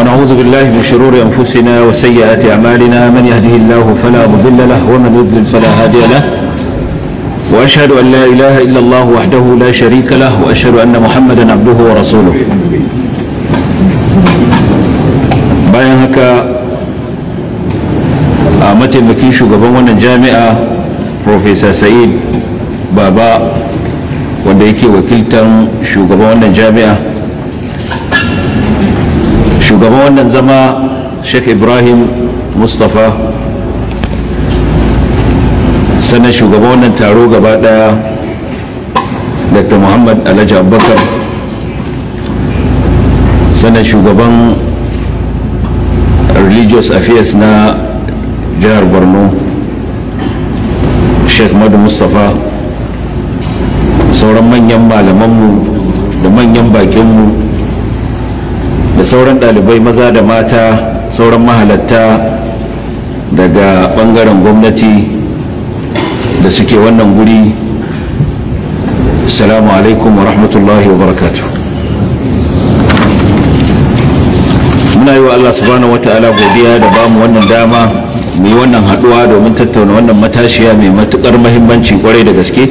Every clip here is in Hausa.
ونعوذ بالله من شرور أنفسنا وسيئات أعمالنا من يهده الله فلا مضل له ومن يضلل فلا هادي له وأشهد أن لا إله إلا الله وحده لا شريك له وأشهد أن محمدا عبده ورسوله bayan haka a mataimakin shugaban wannan jami'a professor sa'id baba wanda yake wakiltar shugaban wannan jami'a shugaban wannan zama sheikh ibrahim mustapha sannan shugaban wannan taro gaba daya dr muhammad alhaji abubakar sannan shugaban religious affairs na jihar borno sheikh madu mustapha sauran manyan malamanmu da manyan bakinmu da sauran ɗalibai maza da mata sauran mahalatta daga bangaren gwamnati da suke wannan guri salamu alaikum wa rahmatullahi wa barakatu muna yi wa allah subhanahu wata'ala godiya da bamu wannan dama mu wannan haduwa domin tattauna wannan matashiya mai matukar mahimmanci kwarai da gaske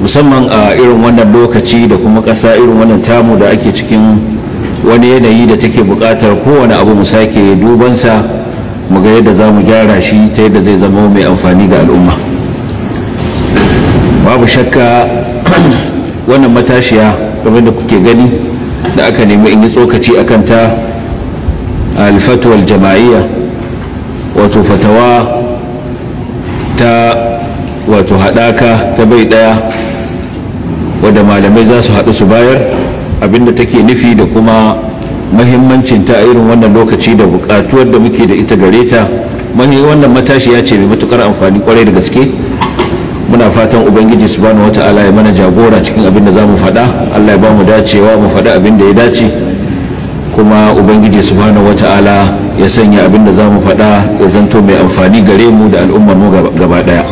musamman a irin wannan lokaci da kuma ƙasa irin wannan tamu da ake cikin wani yanayi da take buƙatar kowane abu mu sake dubansa mu ga yadda za mu gyara shi ta yadda zai zama mai amfani ga al'umma babu shakka wannan matashiya kamar da kuke gani da aka nemi in yi tsokaci a kanta alfatuwar jama'iyya wato fatawa ta wato haɗaka ta bai ɗaya wadda malamai za su haɗu su bayar abinda take nufi da kuma mahimmancin ta irin wannan lokaci da bukatuwar da muke da ita gare ta wannan ya ce mai matukar amfani kwarai da gaske muna fatan ubangiji subhanahu wata'ala ya mana jagora cikin abin da za mu faɗa allah ya ba mu dacewa mu faɗa abin da ya dace kuma ubangiji subhanahu wata'ala ya sanya abin da za mu faɗa ya zanto mai amfani gare mu da al'ummar mu gaba ɗaya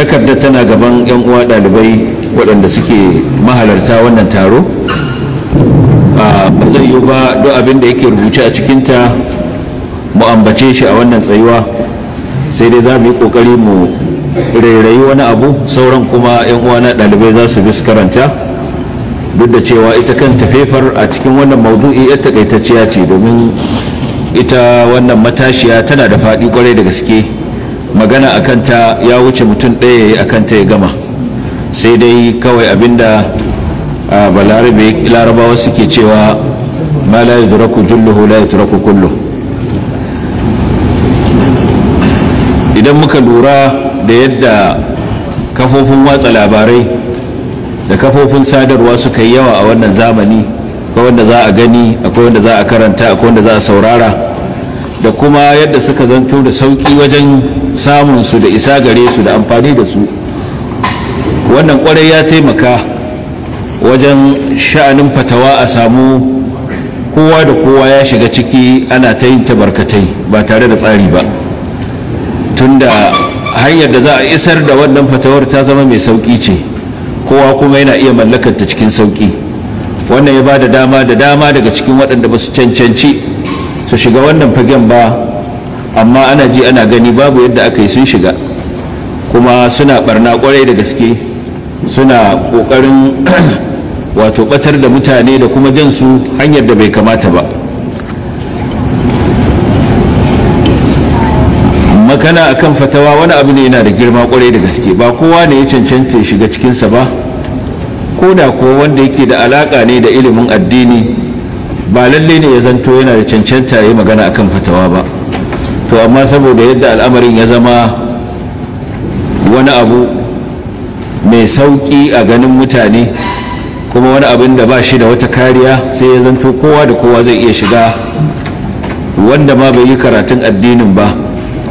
takardar tana gaban 'yan uwa dalibai waɗanda suke mahalarta wannan taro ah, ba zai yi ba duk abin da yake rubuce a cikinta mu ambace shi a wannan tsayuwa sai dai za mu yi ƙoƙari mu rairayi wani abu sauran kuma 'yan uwa na ɗalibai za su bi su karanta duk da cewa ita kan tafefar a cikin wannan maudu'i ya takaitacciya ce domin ita wannan matashiya tana da faɗi kwarai da gaske magana a kanta ya wuce mutum ɗaya ya a kanta ya gama sai dai kawai abinda balarabe larabawa suke cewa ma la yudraku julluhu la ku kullu idan muka lura da yadda kafofin watsa labarai da kafofin sadarwa suka yi yawa a wannan zamani akwai wanda za a gani akwai wanda za a karanta akwai wanda za a saurara da kuma yadda suka zanto da sauki wajen samun su da isa gare su da amfani da su wannan kwarai ya taimaka wajen sha'anin fatawa a samu kowa da kowa ya shiga ciki ana ta yin tabarkatai ba tare da tsari ba tunda hanyar da za a isar da wannan fatawar ta zama mai sauki ce kowa kuma yana iya mallakar cikin sauki wannan ya ba da dama da dama daga cikin waɗanda ba su cancanci su shiga wannan fagen ba amma ana ji ana gani babu yadda aka yi sun shiga kuma suna barna kwarai da gaske suna kokarin wato batar da mutane da kuma jan su hanyar da bai kamata ba makana akan fatawa wani abu ne yana da girma kwarai da gaske ba kowa ne ya cancanta ya shiga cikinsa ba ko da kuwa wanda yake da alaka ne da ilimin addini ba lalle ne ya zanto yana da cancanta ya yi magana akan fatawa ba to amma saboda yadda al'amarin ya zama wani abu mai sauƙi a ganin mutane kuma wani abin da ba shi da wata kariya sai ya zanto kowa da kowa zai iya shiga wanda ma bai yi karatun addinin ba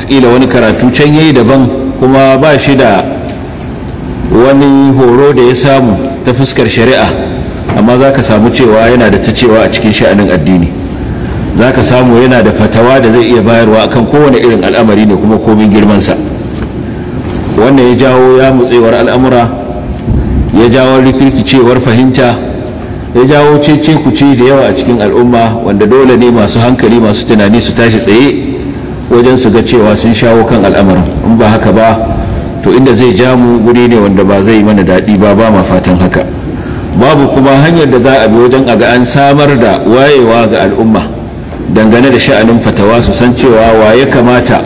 kila wani karatu can yayi daban kuma ba shi da wani horo da ya samu ta fuskar shari'a amma za ka samu cewa yana da ta cewa a cikin sha'anin addini za ka samu yana da fatawa da zai iya bayarwa akan kowane irin al'amari ne kuma komin girmansa wannan ya jawo ya mutsewar al'amura ya jawo rikirkicewar fahimta ya jawo cece kuce da yawa a cikin al'umma wanda dole ne masu hankali masu tunani su tashi tsaye wajen su ga cewa sun shawo kan al'amarin in ba haka ba to inda zai ja mu guri ne wanda ba zai mana daɗi ba ba ma fatan haka babu kuma hanyar da za a bi wajen a ga an samar da wayewa ga al'umma dangane da sha'anin fatawa su san cewa wa ya kamata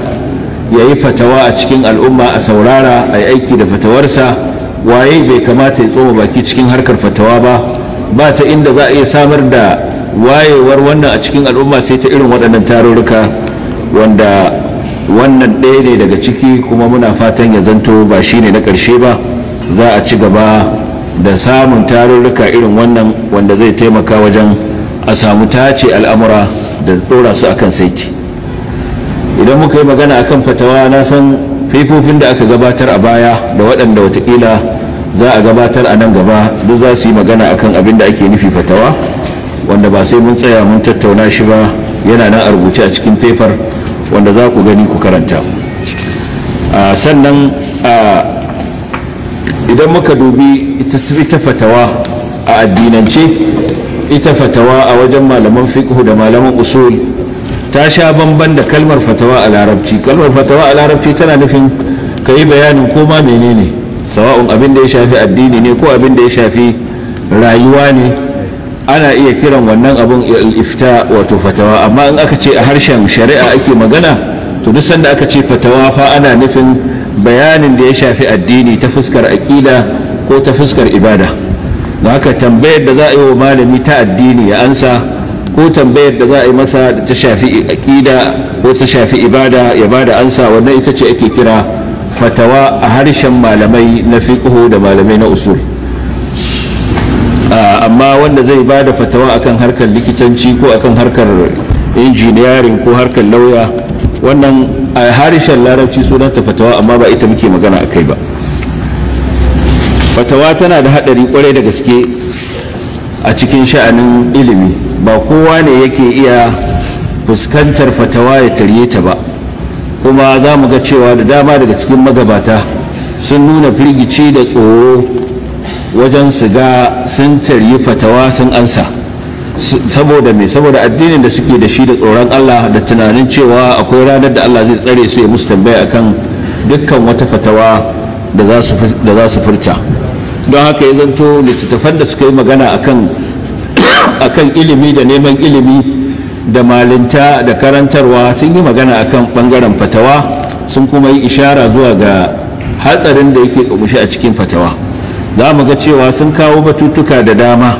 ya yi fatawa a cikin al'umma a saurara a yi aiki da fatawarsa waye bai kamata ya tsoma baki cikin harkar fatawa ba ba ta inda za a iya samar da wayewar wannan a cikin al'umma sai ta irin waɗannan tarurruka wanda wannan ɗaya ne daga ciki kuma muna fatan ya zanto ba shi ne na ƙarshe ba za a ci gaba da samun tarurruka irin wannan wanda zai taimaka wajen a samu tace al'amura da dora su akan saiti idan muka yi magana akan fatawa na san faifofin da aka gabatar a baya da waɗanda watakila za a gabatar a nan gaba duk za su yi magana akan abin da ake nufi fatawa wanda ba sai mun tsaya mun tattauna shi ba yana nan a rubuce a cikin fefar wanda za ku gani ku karanta sannan idan muka dubi ita fatawa a addinance ita fatawa a wajen malaman fiqh da malaman usul ta sha bamban da kalmar fatawa a larabci kalmar fatawa a larabci tana nufin ka yi bayanin ko ma menene sawa'un abin da ya shafi addini ne ko abin da ya shafi rayuwa ne ana iya kiran wannan abin ifta wato fatawa amma in aka ce a harshen shari'a ake magana to duk sanda aka ce fatawa fa ana nufin bayanin da ya shafi addini ta fuskar aƙida ko ta fuskar ibada da haka tambayar da za a yi wa malami ta addini ya ansa ko tambayar da za a yi masa da ta shafi aƙida ko ta shafi ibada ya ba da ansa wannan ita ce ake kira fatawa a harshen malamai na fiqhu da malamai na usul ah, amma wanda zai bada da fatawa akan harkar likitanci ko akan harkar injiniyarin ko harkar lauya wannan a harshen larabci sunanta fatawa amma ba ita muke magana a kai ba fatawa tana da haɗari kwarai da gaske a cikin sha'anin ilimi ba kowa ne yake iya fuskantar fatawa ya karye ta ba kuma za mu ga cewa da dama daga cikin magabata sun nuna firgici da tsoro wajen siga sun tarye fatawa sun ansa saboda mai saboda addinin da suke da shi da tsoron Allah da tunanin cewa akwai ranar da Allah zai tsare su ya musu tambaya akan dukkan wata fatawa da za su furta don haka ya zanto littattafan da suka yi magana a kan ilimi da neman ilimi da malinta da karantarwa sun yi magana a kan bangaren fatawa sun kuma yi ishara zuwa ga hatsarin da yake kumshi a cikin fatawa za mu ga cewa sun kawo batutuka da dama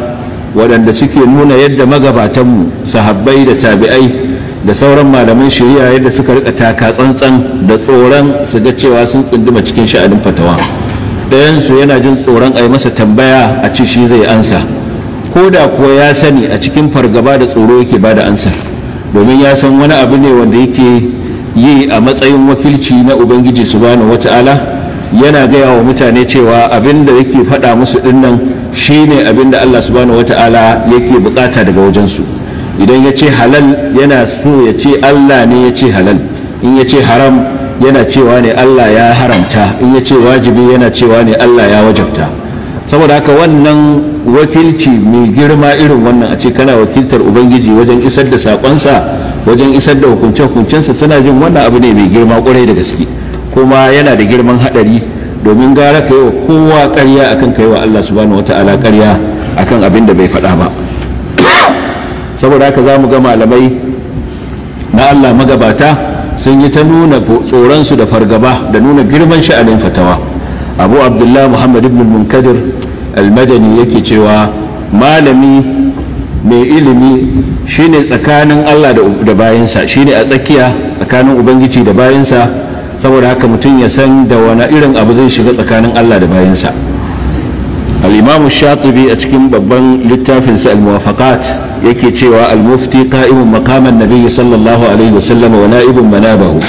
waɗanda suke nuna yadda magabatanmu sahabbai da tabi'ai da sauran malaman shari'a yadda suka rika taka tsantsan da tsoron su ga cewa sun tsunduma cikin sha'anin fatawa su yana jin tsoron a yi masa tambaya a ci shi zai ansa ko da kuwa ya sani a cikin fargaba da tsoro yake ba da ansa domin ya san wani abu ne wanda yake yi a matsayin wakilci na ubangiji subhanahu wata'ala yana gaya wa mutane cewa abin da yake faɗa musu shi shine abin da allah subhanahu wata'ala yake bukata daga wajensu idan ya ce halal yana so ya ce Allah ne ya ce halal in ya ce haram yana cewa ne Allah ya haramta in ya ce wajibi yana cewa ne Allah ya wajabta saboda haka wannan wakilci mai girma irin wannan a ce kana wakiltar ubangiji wajen isar da sakonsa wajen isar da hukunce-hukuncensa suna jin wannan abu ne mai girma kwarai da gaske kuma yana da girman hadari domin gara ka yi wa kowa karya akan ka yi wa Allah subhanahu wata'ala karya akan abin da bai faɗa ba saboda haka za mu ga malamai na allah magabata sun yi ta nuna tsoronsu da fargaba da nuna girman sha'anin fatawa abu abdullah muhammad ibn munkadir almadani yake cewa malami mai ilimi shine tsakanin allah da bayansa shine a tsakiya tsakanin ubangiji da bayansa saboda haka mutum ya san da wani irin abu zai shiga tsakanin allah da bayansa sha shatibi a cikin babban littafinsa al-muwafaqat yake cewa al-mufti qa'imun maqaman nabiyyi sallallahu alaihi wasallam wa na'ibun manabahu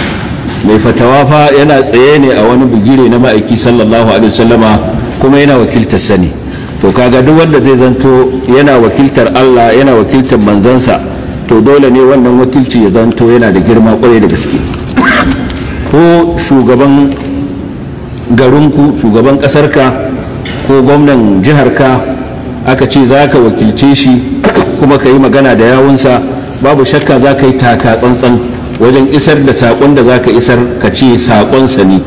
mai fatawa fa yana tsaye ne a wani bigire na ma'aiki sallallahu alaihi wasallama kuma yana wakiltar sani to kaga duk wanda zai zanto yana wakiltar Allah yana wakiltar manzansa to dole ne wannan wakilci ya zanto yana da girma kwarai da gaske ko shugaban garinku shugaban kasarka ko gwamnan jiharka aka ce za ka wakilce shi kuma ka yi magana da yawunsa babu shakka za ka yi taka tsantsan wajen isar da saƙon da za ka isar ka ce saƙonsa ne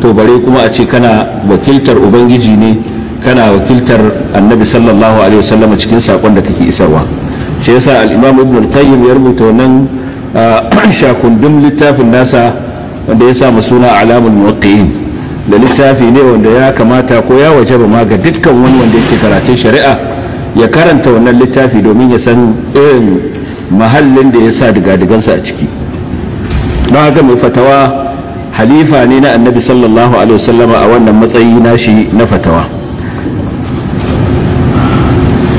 to bare kuma a ce kana wakiltar ubangiji ne kana wakiltar annabi sallallahu alaihi wasallam cikin saƙon da kake isarwa shi yasa al-imam ibn al-qayyim ya rubuta wannan shakundun littafin nasa wanda ya sa suna alamul muwaqqi'in da littafi ne wanda ya kamata ko ya wajaba ma ga dukkan wani wanda yake karatun shari'a ya karanta wannan littafi domin ya san irin mahallin da ya sa digadigansa a ciki don ga mai fatawa halifa ne na annabi sallallahu a wannan matsayi nashi na fatawa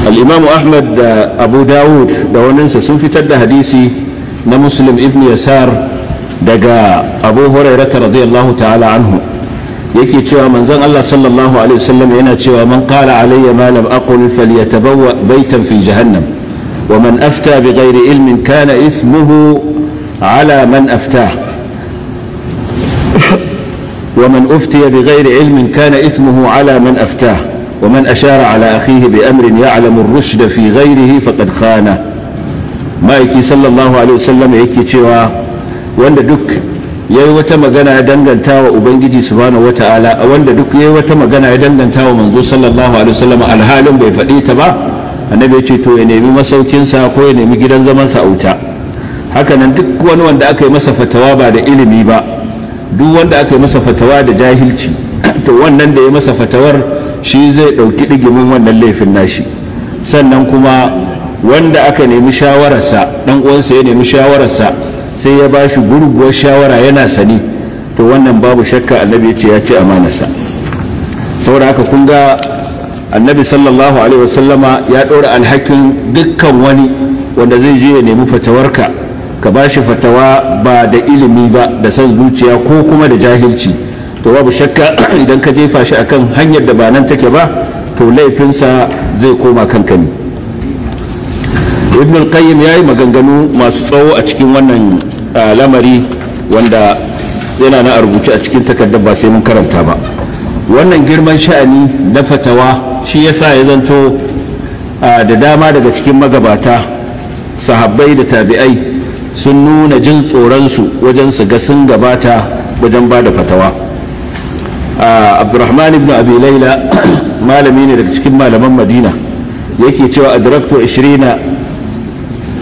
al'imamu ahmad da abu dawud da waninsa sun fitar da hadisi na muslim ibn yasar daga abu hurairata radiyallahu ta'ala anhu yake cewa manzon Allah sallallahu alaihi wasallam yana cewa man qala alayya ma lam aqul falyatabawwa baitan fi jahannam wa man afta bighairi ilmin kana ismuhu ala man aftah ومن أفتي بغير علم كان إثمه على من أفتاه ومن أشار على أخيه بأمر يعلم الرشد في fi فقد خانه khana يكي صلى الله عليه وسلم يكي cewa wanda duk ya yi wata magana ya danganta wa ubangiji subhanahu wa ta'ala wanda duk ya yi wata magana ya danganta wa manzo sallallahu alaihi wasallam alhalin bai faɗi ta ba annabi ya ce to ya nemi masaukin sa ko ya nemi gidan zaman sa auta hakanan duk wani wanda aka yi masa fatawa ba da ilimi ba duk wanda aka yi masa fatawa da jahilci to wannan da ya masa fatawar shi zai ɗauki ɗigimin wannan laifin nashi sannan kuma wanda aka nemi shawararsa ɗan uwansa ya nemi shawararsa sai ya ba shi gurguwar shawara yana sani to wannan babu shakka annabi ya ce ya ce amanarsa saboda haka kun ga annabi sallallahu alaihi wasallama ya ɗora alhakin dukkan wani wanda zai je ya nemi fatawarka ka ba shi fatawa ba da ilimi ba da san zuciya ko kuma da jahilci to babu shakka idan ka jefa shi akan hanyar da ba nan take ba to laifinsa zai koma kanka to ibn al-qayyim yayi maganganu masu tsawo a cikin wannan lamari wanda yana na rubuce a cikin takardar ba sai mun karanta ba wannan girman sha'ani na fatawa shi yasa ya zanto da dama daga cikin magabata sahabbai da tabi'ai sun nuna jin tsoronsu wajen su ga sun gabata wajen ba da fatawa abdurrahman ibn abi laila malami ne daga cikin malaman madina yake cewa a adraktu 20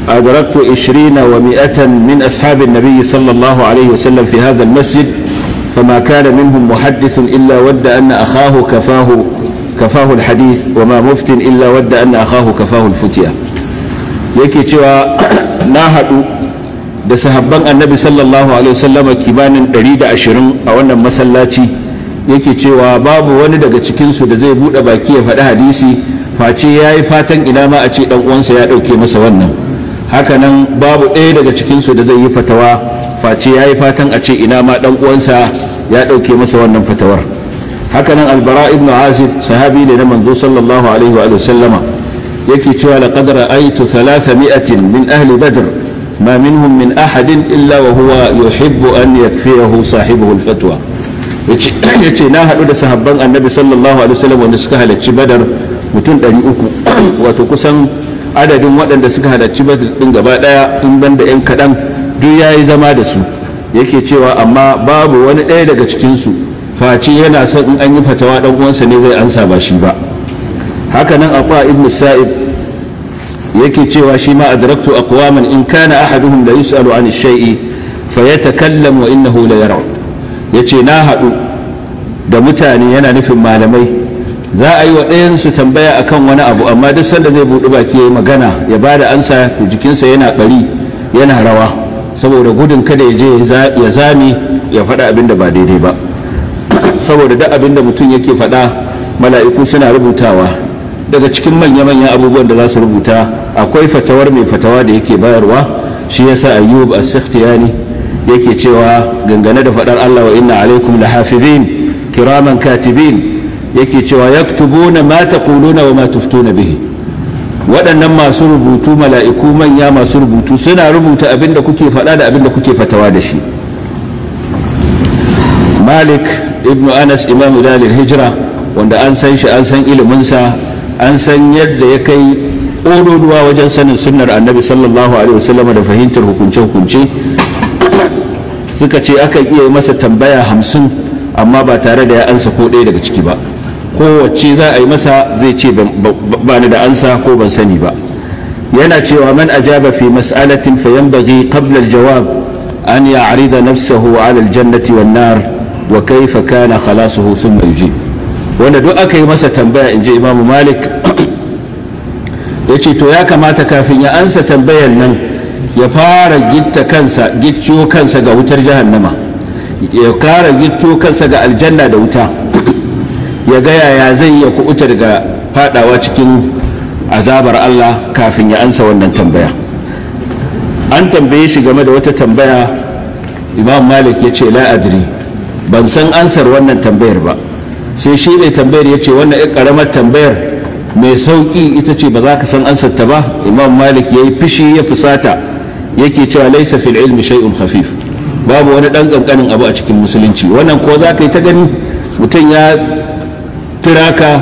أدركت عشرين ومائة من أصحاب النبي صلى الله عليه وسلم في هذا المسجد فما كان منهم محدث إلا ود أن أخاه كفاه كفاه الحديث وما مفت إلا ود أن أخاه كفاه الفتية yake cewa na haɗu da sahabban annabi sallallahu alaihi ɗari da ashirin a wannan masallaci yake cewa babu wani daga cikinsu da zai buɗe baki ya faɗi hadisi face ya yi fatan ina ma a ce uwansa ya ɗauke masa wannan hakanan babu ɗaya daga cikinsu da zai yi fatawa face ya yi fatan a ce ina ma ɗan uwansa ya ɗauke masa wannan fatawar hakanan albara ibn azib sahabi ne na manzo sallallahu alaihi wa sallama yake cewa laqad ra'aytu thalatha mi'atin min ahli badr ma minhum min ahadin illa wa huwa yuhibbu an yakfiyahu sahibuhu al yace na haɗu da sahabban annabi sallallahu alaihi sallam wanda suka halarci badar mutum 300 wato kusan adadin waɗanda suka halarci batul ɗin gaba ɗaya in banda 'yan kaɗan duk ya yi zama da su yake cewa amma babu wani ɗaya daga cikinsu face yana son in an yi fatawa ɗan uwansa ne zai ansa ba shi ba hakanan nan aqa sa'ib yake cewa shi ma adraktu aqwaman in kana ahaduhum la yus'alu an shay'i fa wa innahu la yar'u yace na haɗu da mutane yana nufin malamai za a yi wa ɗayansu tambaya akan wani abu amma duk sanda zai buɗi baki ya magana ya ba da ansa to jikinsa yana ɓari yana rawa saboda gudun kada ya je ya zame ya faɗa abin da ba daidai ba saboda duk abin da mutum yake faɗa mala'iku suna rubutawa daga cikin manya-manyan abubuwan da za su rubuta akwai fatawar mai fatawa da yake bayarwa shi yasa ayyub as-sakhtiyani yake cewa gangane da faɗar Allah wa inna alaikum lahafizin kiraman katibin yake cewa ya na ma taquluna wa ma tuftuna bihi waɗannan masu rubutu mala'iku manya masu rubutu suna rubuta abin da kuke faɗa da abin da kuke fatawa da shi malik ibnu anas imam dalil hijira wanda an san shi an san iliminsa an san yadda ya kai ƙololuwa wajen sanin sunnar annabi sallallahu alaihi wasallam da fahimtar hukunce-hukunce suka ce akan iya masa tambaya hamsin amma ba tare da ya ansa ko ɗaya daga ciki ba kowace za a yi masa zai ce ba ni da ansa ko ban sani ba yana cewa man ajaba fi mas'alatin fa yanbaghi qabla al-jawab an ya'rida nafsahu 'ala al-jannati wan-nar wa kayfa kana khalasuhu thumma yujib wanda duk aka yi masa tambaya inji imamu malik yace to ya kamata kafin ya ansa tambayar nan ya fara gitta kansa gicciyo kansa ga wutar jahannama ya kara gicciyo kansa ga aljanna da wuta ya gaya ya zai iya kubuta daga fadawa cikin azabar Allah kafin ya ansa wannan tambaya an tambaye shi game da wata tambaya imam malik ya ce la'adri ban san ansar wannan tambayar ba sai shi ne tambayar ya ce wannan ya karamar tambayar mai sauƙi ita ce ba za ka san ansar ta ba imam malik ya yi fishi ya fusata yake cewa laisa fil ilmi shay'un khafif babu wani dan kankanin abu a cikin musulunci wannan ko za ka yi ta gani mutum ya turaka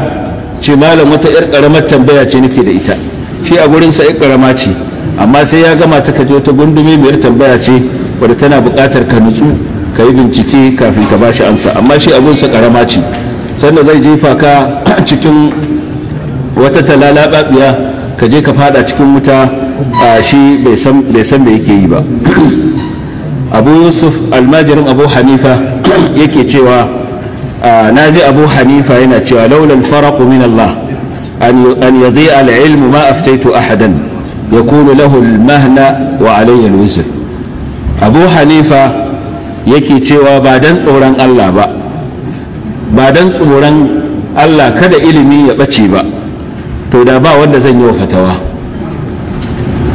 ce malam wata yar karamar tambaya ce nake da ita shi a gurinsa yar karama ce amma sai ya gama ta kaje wata gundume mai tambaya ce wadda tana buƙatar ka nutsu ka yi bincike kafin ka bashi amsa amma shi a sa karama ce sannan zai jefa ka cikin wata talala babiya ka je ka fada cikin wuta a shi bai san da yake yi ba abu yusuf almajirin abu hanifa yake cewa na ji abu hanifa yana cewa laulal faraku min Allah an yadhi al-ilmu ma aftaitu ahadan yakunu lahu al-mahna wa alayhi al-wizr abu hanifa yake cewa ba dan tsoron Allah ba ba dan tsoron Allah kada ilimi ya ɓace ba to da ba wanda zan yi wa fatawa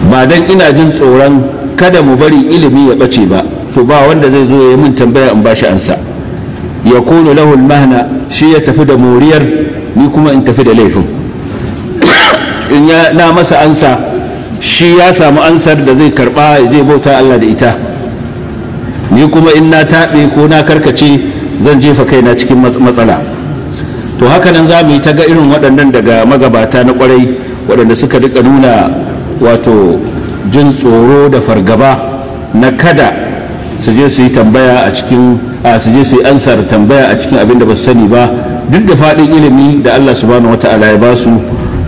ba dan ina jin tsoron kada mu bari ilimi ya ɓace ba to ba wanda zai zo ya yi min tambaya in ba bashi ansa ya kono lahul mahna shi ya tafi da moriyar ni kuma in tafi da laifin in ya na masa ansa shi ya samu ansar da zai karba zai bauta Allah da ita ni kuma in na taɓe ko na karkace zan jefa kaina cikin matsala to haka nan za mu yi ta ga irin waɗannan daga magabata na ƙwarai waɗanda suka duka nuna wato jin tsoro da fargaba na kada su je su yi tambaya a cikin a su su yi ansar tambaya a cikin abin da ba su sani ba duk da faɗin ilimi da Allah subhanahu wata'ala ya ba su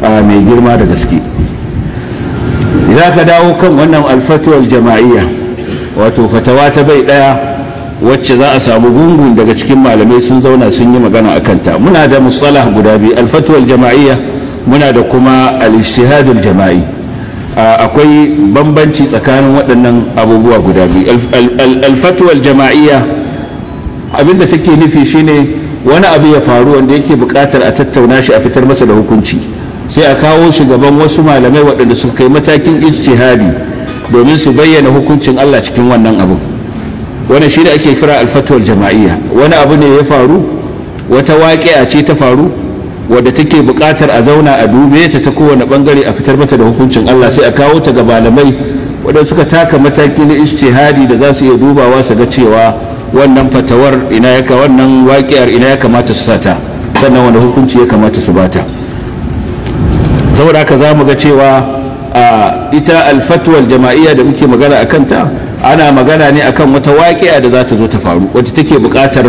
mai girma da gaske idan ka dawo kan wannan alfatuwar jama'iyya wato fatawa ta bai ɗaya wacce za a samu gungun daga cikin malamai sun zauna sun yi magana a kanta muna da musalah guda biyu alfatuwar jama'iyya muna da kuma al-ijtihadul jama'i akwai bambanci tsakanin waɗannan abubuwa guda biyu alfatuwal jama'iyya abinda take nufi shine wani abu ya faru wanda yake buƙatar a tattauna shi a fitar masa da hukunci sai a kawo shi gaban wasu malamai waɗanda su kai matakin ijtihadi domin su bayyana hukuncin Allah cikin wannan abu Wani shi da ake kira Alfatwal jama'iyya wani abu ne ya faru wata waƙi'a ce ta faru wadda take buƙatar a zauna a dube ta ta kowane bangare a fitar mata da hukuncin Allah sai a kawo ta ga malamai wadda suka taka mataki na istihadi da za su iya dubawa su ga cewa wannan fatawar ina ya wannan waƙiyar ina ya kamata su sata sannan wani hukunci ya kamata su bata saboda haka za mu ga cewa ita alfatwal jama'iyya da muke magana a kanta ana magana ne akan wata waƙiya da za ta zo ta faru wadda take buƙatar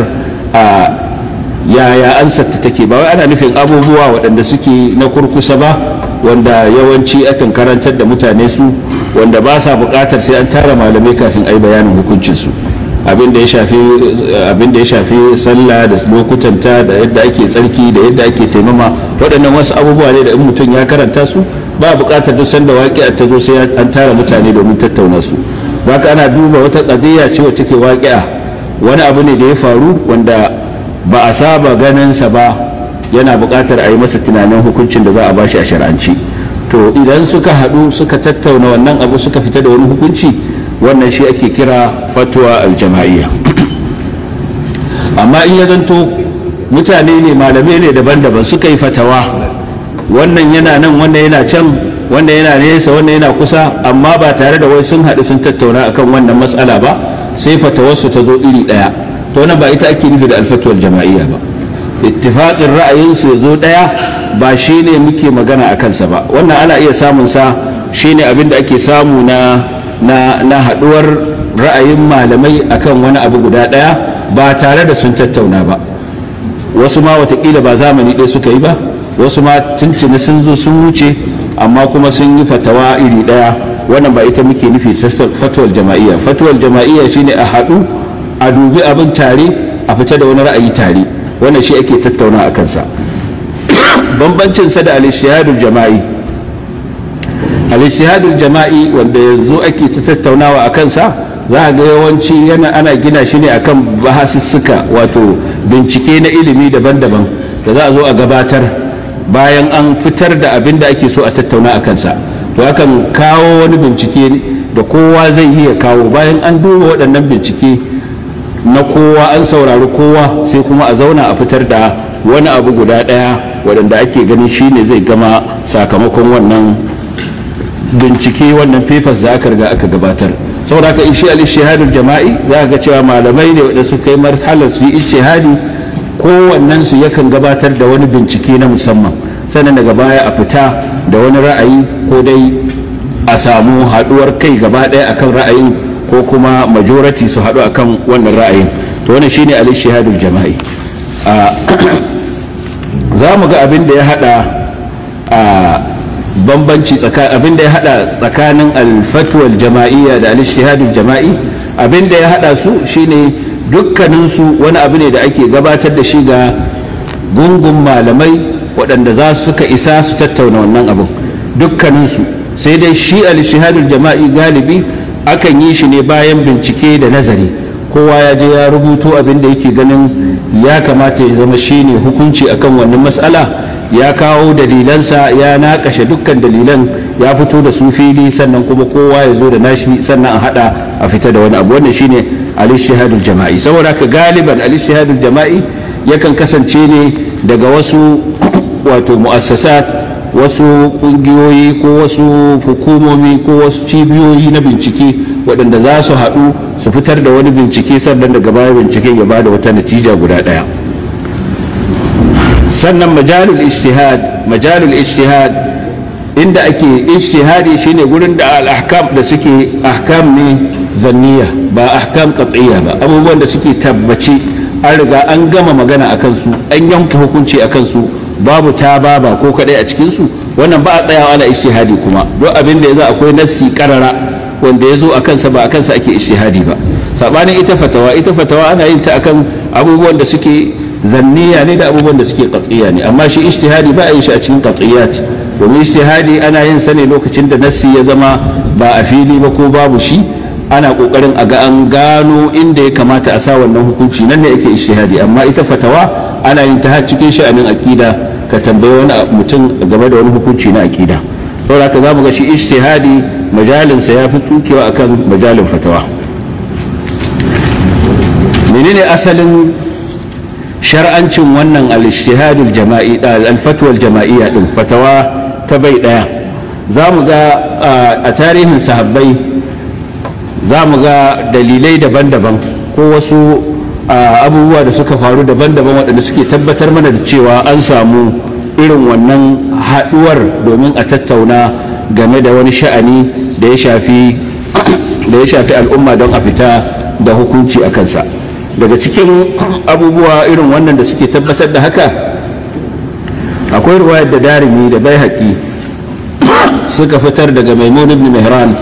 yaya ansar take ba wai ana nufin abubuwa waɗanda suke na kurkusa ba wanda yawanci akan karantar da mutane su wanda ba sa buƙatar sai an tara malamai kafin a yi bayanin hukuncinsu abin da ya shafi sallah da lokutanta da yadda ake tsarki da yadda ake taimama waɗannan wasu abubuwa ne da in mutum ya karanta su ba buƙatar duk sanda waƙi ta zo sai an tara mutane domin tattauna su ba ka ana duba wata ƙadiyya ce wacce take waƙi'a wani abu ne da ya faru wanda ba a saba ganinsa ba yana buƙatar a yi masa tunanin hukuncin da za a bashi a shar'anci to idan suka haɗu suka tattauna wannan abu suka fita da wani hukunci wannan shi ake kira fatwa aljama'iyya amma in ya zanto mutane ne malamai ne daban-daban suka yi fatawa wannan yana nan wannan yana can wannan yana nesa wannan yana kusa amma ba tare da wai sun haɗu sun tattauna akan wannan matsala ba sai fatawarsu ta zo iri ɗaya to wannan ba ita ake nufi da alfatuwar jama'iyya ba ittifaqin ra'ayinsu ya zo daya ba shine muke magana a kansa ba wannan ana iya samun sa shine abin da ake samu na na na haduwar ra'ayin malamai akan wani abu guda daya ba tare da sun tattauna ba wasu ma watakila ba zamani ɗaya suka yi ba wasu ma tuntuni sun zo sun wuce amma kuma sun yi fatawa iri daya wannan ba ita muke nufi fatwal jama'iyya Fatuwar jama'iyya shine a haɗu a dubi abin tare a fita da wani ra'ayi tare wanda shi ake tattauna a kansa bambancin sa da alishihadul jama'i alishihadul jama'i wanda yanzu ake ta tattaunawa a kansa za a ga yawanci yana ana gina shi ne akan bahasussuka wato bincike na ilimi daban-daban da za a zo a gabatar bayan an fitar da abin da ake so a tattauna a kansa to akan kawo wani bincike da kowa zai iya kawo bayan an duba waɗannan bincike na kowa an saurari kowa sai kuma a zauna a fitar da wani abu guda ɗaya waɗanda ake ganin shine zai gama sakamakon wannan bincike wannan papers da aka riga aka gabatar saboda haka in shi al jama'i za ga cewa malamai ne wadanda suka yi marhalar su yi shahadi? kowannen su yakan gabatar da wani bincike na musamman sannan daga baya a fita da wani ra'ayi ko dai a samu haɗuwar kai gaba ɗaya akan ra'ayin ko kuma majority su haɗu akan wannan ra'ayin to wannan shine Ali shihadul jama'i za mu ga abin da ya haɗa bambanci abin da ya haɗa tsakanin al jama'iyya da Ali shihadul jama'i abin da ya haɗa su shine dukkaninsu wani abu ne da ake gabatar da shi ga gungun malamai waɗanda za su ka isa su tattauna wannan abin dukkaninsu sai dai shi al-shihadul jama'i galibi akan yi shi ne bayan bincike da nazari kowa ya je ya rubuto abin da yake ganin ya kamata ya zama shi ne hukunci akan wannan matsala ya kawo dalilansa ya naƙashe dukkan dalilan ya fito da su fili sannan kuma kowa ya zo da nashi sannan a hada a fita da wani abu wannan shine alishihadul jama'i saboda ka galiban alishihadul jama'i yakan kasance ne daga wasu wato mu'assasat wasu kungiyoyi ko wasu hukumomi ko wasu cibiyoyi na bincike waɗanda za su haɗu su fitar da wani bincike sannan daga baya binciken ya bada wata natija guda ɗaya sannan majalul ijtihad majalul ijtihad inda ake ijtihadi shine gurin da al-ahkam da suke ahkam ne zanniya ba ahkam qat'iyya ba abubuwan da suke tabbaci an riga an gama magana akan su an yanke hukunci akan su babu ta ba ko kadai a cikinsu wannan ba a tsayawa ana ishihadi kuma duk abin da ya za akwai nassi karara wanda ya zo a kansa ba a kansa ake ishihadi ba sabanin ita fatawa ita fatawa ana yin ta akan abubuwan da suke zanniya ne da abubuwan da suke qat'iyya ne amma shi ijtihadi ba a yin shi a cikin qat'iyyat domin ijtihadi ana yin sa ne lokacin da nassi ya zama ba a fili ba ko babu shi ana kokarin a ga an gano inda ya kamata a sa wannan hukunci nan ne ake ijtihadi amma ita fatawa ana yin ta har cikin sha'anin aqida ka tambayi wani mutum game da wani hukunci na aƙida saboda haka zamu ga shi ijtihadi majalinsa ya fi tsukewa akan majalin fatawa menene asalin shar'ancin wannan al-ijtihadul jama'i al-fatwa al-jama'iyya din fatawa ta bai daya zamu ga a tarihin sahabbai zamu ga dalilai daban-daban ko wasu abubuwa da suka faru daban-daban waɗanda suke tabbatar mana da cewa an samu irin wannan haɗuwar domin a tattauna game da wani sha'ani da ya shafi al'umma don a fita da hukunci a kansa daga cikin abubuwa irin wannan da suke tabbatar da haka akwai ruwayar da darimi da bai haƙi suka fitar daga maimun ibn mihran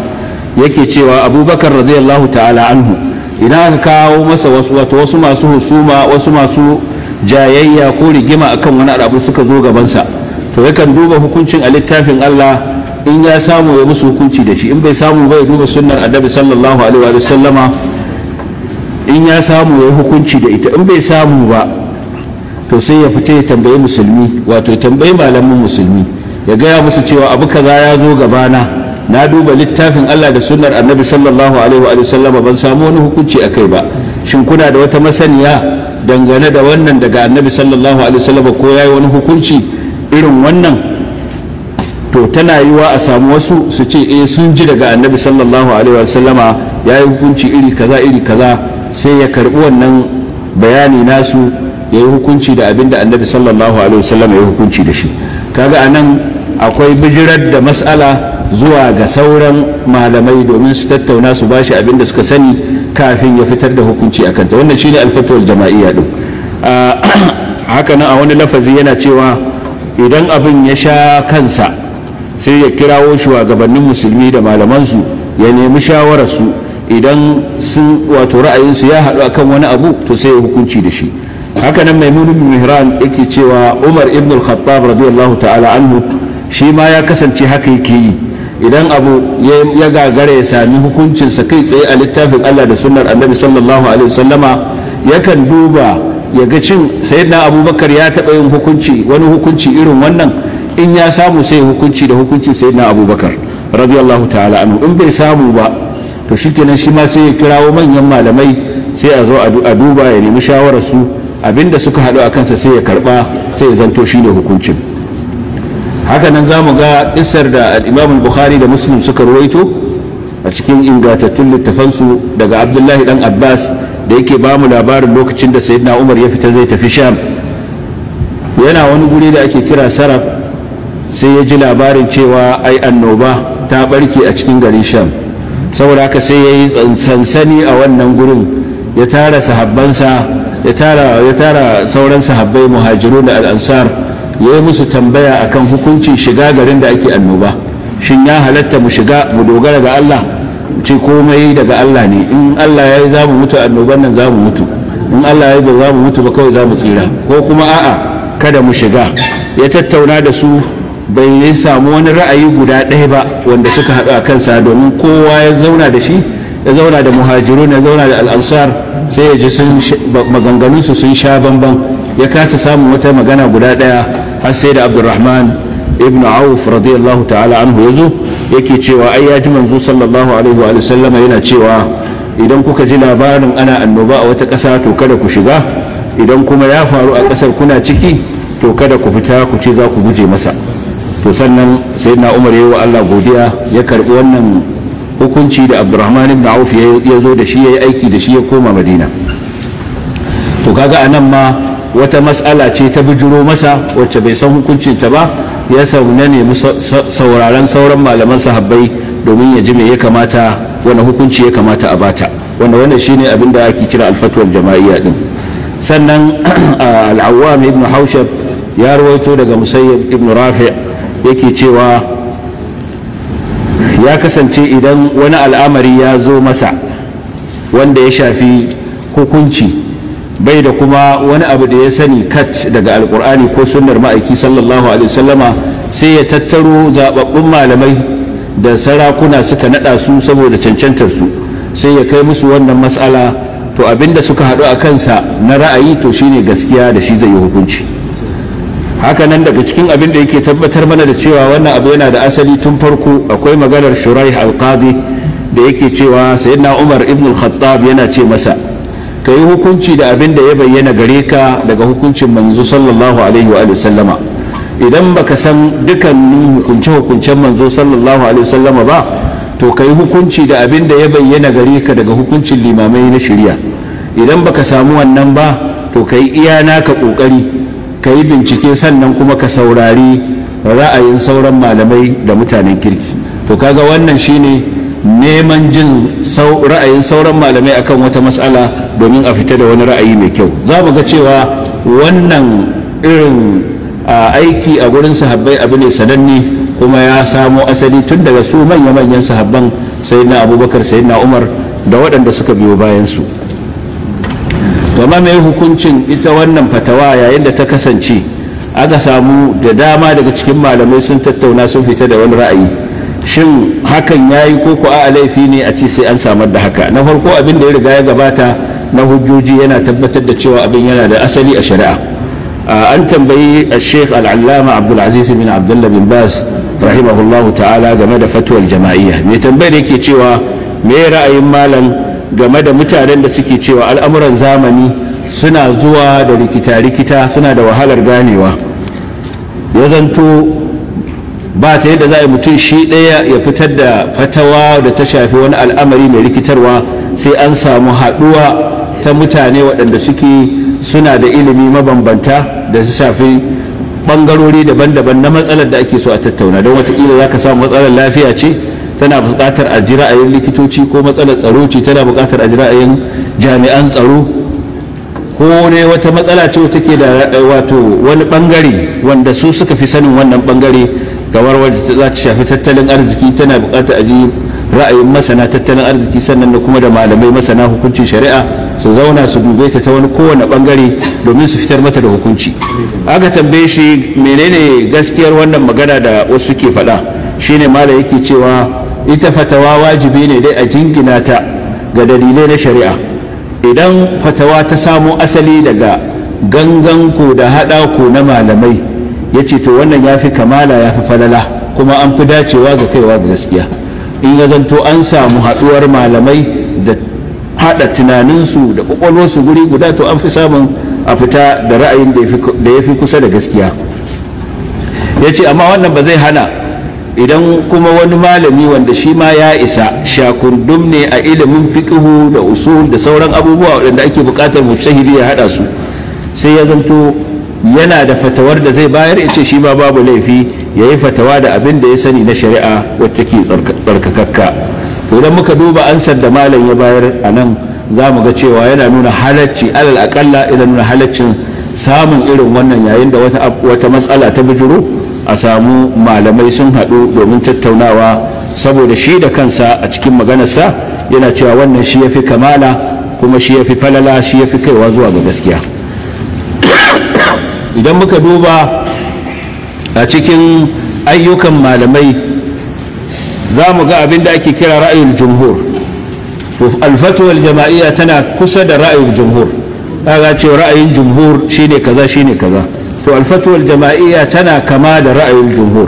yake cewa abubakar radiyallahu ta'ala anhu idan aka kawo masa wasu wato wasu masu husuma wasu masu jayayya ko rigima akan wani abu suka zo gabansa to yakan duba hukuncin a littafin Allah in ya samu ya musu hukunci da shi in bai samu bai duba sunnar annabi sallallahu alaihi wa sallama in ya samu ya hukunci da ita in bai samu ba to sai ya fita ya tambayi musulmi wato ya tambayi malamin musulmi ya gaya musu cewa abu kaza ya zo gabana na duba littafin Allah da sunnar annabi sallallahu alaihi wa sallam ban samu wani hukunci akai ba shin kuna da wata masaniya dangane da wannan daga annabi sallallahu alaihi wa sallam ko yi wani hukunci irin wannan to tana yiwa a samu wasu su ce e sun ji daga annabi sallallahu alaihi wa sallama yayi hukunci iri kaza iri kaza sai ya karbi wannan bayani nasu ya yi hukunci da abinda annabi sallallahu alaihi wa sallam ya yi hukunci da shi kaga anan akwai bijirar da mas'ala zuwa ga sauran malamai domin su tattauna su bashi abin da suka sani kafin ya fitar da hukunci a kanta wannan shine alfatuwar jama'iyya din ah, haka nan a wani lafazi yana cewa idan abin ya sha kansa sai ya kirawo shugabannin musulmi da malamansu ya nemi shawararsu idan sun wato ra'ayinsu ya haɗu akan wani abu to sai ya hukunci da shi haka nan mai ibn mihran yake cewa umar ibn al-khattab radiyallahu ta'ala anhu shi ma ya kasance haka yake yi idan abu ya gagara ya sami hukuncinsa kai tsaye a littafin Allah da sunnar annabi sallallahu alaihi wasallama yakan duba ya ga cin sayyidina abubakar ya taɓa yin hukunci wani hukunci irin wannan in ya samu sai hukunci da hukuncin sayyidina abubakar radiyallahu ta'ala anhu in bai samu ba to shikenan shi ma sai ya kirawo manyan malamai sai a zo a duba ya nemi shawararsu abinda suka haɗu a kansa sai ya karɓa sai ya zanto shi ne hukuncin hakanan za mu ga isar da al'imam bukhari da muslim suka ruwaito a cikin ingantattun littafansu daga abdullahi dan abbas da yake ba mu labarin lokacin da sayyidina umar ya fita zai tafi sham yana wani guri da ake kira sarab sai ya ji labarin cewa ai annoba ta barke a cikin garin sham saboda haka sai ya yi sansani a wannan gurin ya tara sahabbansa ya tara sauran sahabbai muhajiru da al'ansar ya yi musu tambaya akan hukuncin shiga garin da ake annoba shin ya halatta mu shiga mu dogara ga Allah ce komai daga Allah ne in Allah ya yi za mu mutu annoban nan za mu mutu in Allah ya yi ba za mu mutu ba kawai za mu tsira ko kuma a'a kada mu shiga ya tattauna da su bai samu wani ra'ayi guda ɗaya ba wanda suka haɗu a kansa domin kowa ya zauna da shi ya zauna da muhajiru ya zauna da al'ansar sai ya ji maganganunsu sun sha bambam. ya kasa samun wata magana guda ɗaya har sai da abdulrahman ibn auf radiyallahu ta'ala anhu ya yake cewa ai ya ji manzo sallallahu alaihi wa sallam yana cewa idan kuka ji labarin ana annoba a wata ƙasa to kada ku shiga idan kuma ya faru a ƙasar kuna ciki to kada ku fita ku ce za ku guje masa to sannan sai na umar ya wa allah godiya ya karbi wannan hukunci da abdurrahman ibn auf ya zo da shi ya yi aiki da shi ya koma madina to kaga anan ma wata matsala ce ta bijiro masa wacce bai san hukuncin ta ba ya sauna ne sauraron sauran malaman sahabbai domin ya ji me ya kamata wani hukunci ya kamata a bata wanda shi shine abin da ake kira alfatuwar jama'iyya din sannan al'awwam ibn haushab ya rawaito daga musayyib ibn rafi yake cewa ya kasance idan wani al'amari ya zo masa wanda ya shafi hukunci bai da kuma wani abu da ya sani kat daga alkur'ani ko sunnar ma'aiki sallallahu alaihi wasallama sai ya tattaro zababbun malamai da sarakuna suka naɗa su saboda cancantar su sai ya kai musu wannan matsala to abinda suka haɗu a kansa na ra'ayi to shine gaskiya da shi zai yi hukunci haka nan daga cikin abin da yake tabbatar mana da cewa wannan abu yana da asali tun farko akwai maganar shuraih alqadi da yake cewa sayyidina umar ibn al-khattab yana ce masa ka yi hukunci da abin da ya bayyana gare ka daga hukuncin manzo sallallahu alaihi wa sallama idan baka san dukkanin hukunce hukuncen manzo sallallahu alaihi wa sallama ba to ka yi hukunci da abin da ya bayyana gare ka daga hukuncin limamai na shari'a idan baka samu wannan ba to ka yi iya naka kokari ka yi bincike sannan kuma ka saurari ra'ayin sauran malamai da mutanen kirki to kaga wannan shine neman jin ra'ayin sauran malamai akan wata matsala domin a fita da wani ra'ayi mai kyau za mu ga cewa wannan irin aiki a gurin sahabbai abu ne sananne kuma ya samo asali tun daga su manya-manyan sahabban sai na abubakar sai na umar da waɗanda suka biyo bayansu Gama mai hukuncin ita wannan fatawa yayin da ta kasance aka samu da dama daga cikin malamai sun tattauna sun fita da wani ra'ayi shin hakan ya yi ko a laifi ne a ce sai an samar da haka na farko abin da ya riga ya gabata na hujjoji yana tabbatar da cewa abin yana da asali a shari'a an tambayi sheikh al'allama abdulaziz bin abdullah bin bas rahimahullahu ta'ala game da fatuwar jama'iyya mai tambayar yake cewa me ra'ayin malam game da mutanen da suke cewa al'amuran zamani suna zuwa da rikita-rikita suna da wahalar ganewa ya zanto ba ta yadda za a yi mutum shi ɗaya ya fitar da fatawa da ta shafi wani al'amari mai rikitarwa sai an samu haɗuwa ta mutane waɗanda suke suna da ilimi mabambanta da su shafi ɓangarori daban-daban na matsalar da ake so a tattauna don watakila za ka samu matsalar lafiya ce tana buƙatar a ji ra'ayin likitoci ko matsalar tsaro ce tana buƙatar a ji ra'ayin jami'an tsaro ko ne wata matsala ce wata ke da wato wani ɓangare wanda su suka fi sanin wannan ɓangare kamar wajen za ta shafi tattalin arziki tana bukatar a ji ra'ayin masana tattalin arziki sannan da kuma da malamai masana hukuncin shari'a su zauna su dube ta ta wani kowane bangare domin su fitar mata da hukunci aka tambaye shi menene gaskiyar wannan magana da wasu ke faɗa shine mala yake cewa ita fatawa wajibi ne dai a jingina ta ga dalilai na shari'a idan fatawa ta samo asali daga gangan ku da haɗa ku na malamai ya ce to wannan ya fi kamala ya fi falala kuma an fi dacewa ga kaiwa ga gaskiya in ya zanto an samu haɗuwar malamai da haɗa tunaninsu da ƙwaƙwalwarsu guri guda to an fi samun a fita da ra'ayin da ya fi kusa da gaskiya ya ce amma wannan ba zai hana idan kuma wani malami wanda shi ma ya isa shakundum ne a ilimin fiƙihu da usul da sauran abubuwa waɗanda ake bukatar mu shahidi ya haɗa su sai ya zanto yana da fatawar da zai bayar ce shi ma babu laifi ya yi fatawa da abin da ya sani na shari'a wacce ke tsarkakakka to idan muka duba ansar da malam ya bayar a nan za mu ga cewa yana nuna halacci alal akalla idan nuna halaccin samun irin wannan yayin da wata matsala ta bijiro a samu malamai sun haɗu domin tattaunawa saboda shi da kansa a cikin maganarsa yana cewa wannan shi ya fi kamala kuma shi ya fi falala shi ya fi kaiwa zuwa ga gaskiya idan muka duba a cikin ayyukan malamai za mu ga abin da ake kira ra'ayin jumhur to alfatuwar jama'iyya tana kusa da ra'ayin jumhur ga cewa ra'ayin jumhur shine kaza shine kaza to alfatuwar jama'iyya tana kama da ra'ayin jumhur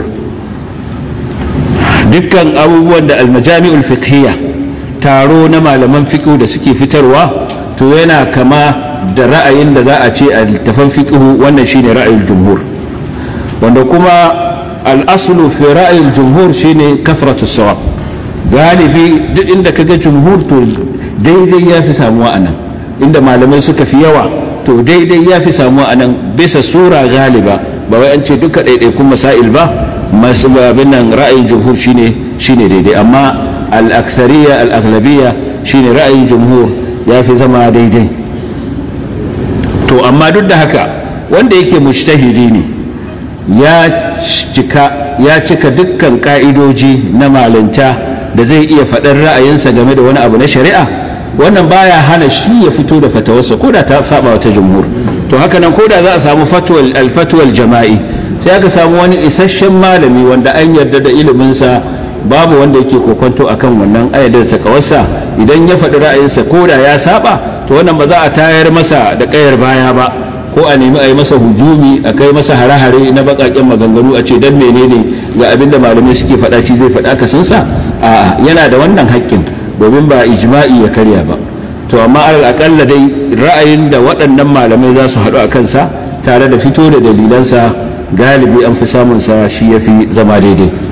dukkan abubuwan da almajami'ul fiqhiyya taro na malaman fiqh da suke fitarwa to yana kama da ra'ayin da za a ce a littafan fiqhu wannan shine ra'ayin jumhur wanda kuma al'asulu fi ra'ayin jumhur shine kafratu sawab galibi duk inda ga jumhur to daidai ya fi samuwa nan, inda malamai suka fi yawa to daidai ya fi samuwa anan bisa sura galiba ba wai an ce duka ɗaiɗaikun masail ba masu babin nan ra'ayin jumhur shine shine daidai amma al-akthariya al-aghlabiyya shine ra'ayin jumhur ya fi zama daidai to amma duk da haka wanda yake mujtahidi ne ya cika ya cika dukkan ka'idoji na malanta da zai iya faɗar ra'ayinsa game da wani abu na shari'a wannan baya hana shi ya fito da fatawarsa ko ta saba wata jumhur to haka nan ko da za a samu fatwal alfatwal jama'i sai aka samu wani isasshen malami wanda an yarda da iliminsa babu wanda yake kokonto akan wannan ayyadar takawarsa idan ya faɗi ra'ayinsa ko da ya saba to wannan ba za a tayar masa da ƙayar baya ba ko a nemi a yi masa hujumi a kai masa hare-hare na baƙaƙen maganganu a ce don menene ga abin da malamai suke faɗa shi zai faɗa ka sa a yana da wannan haƙƙin domin ba ijma'i ya karya ba to amma alal aƙalla dai ra'ayin da waɗannan malamai za su haɗu a kansa tare da fito da dalilansa galibi an fi samunsa shi ya fi zama daidai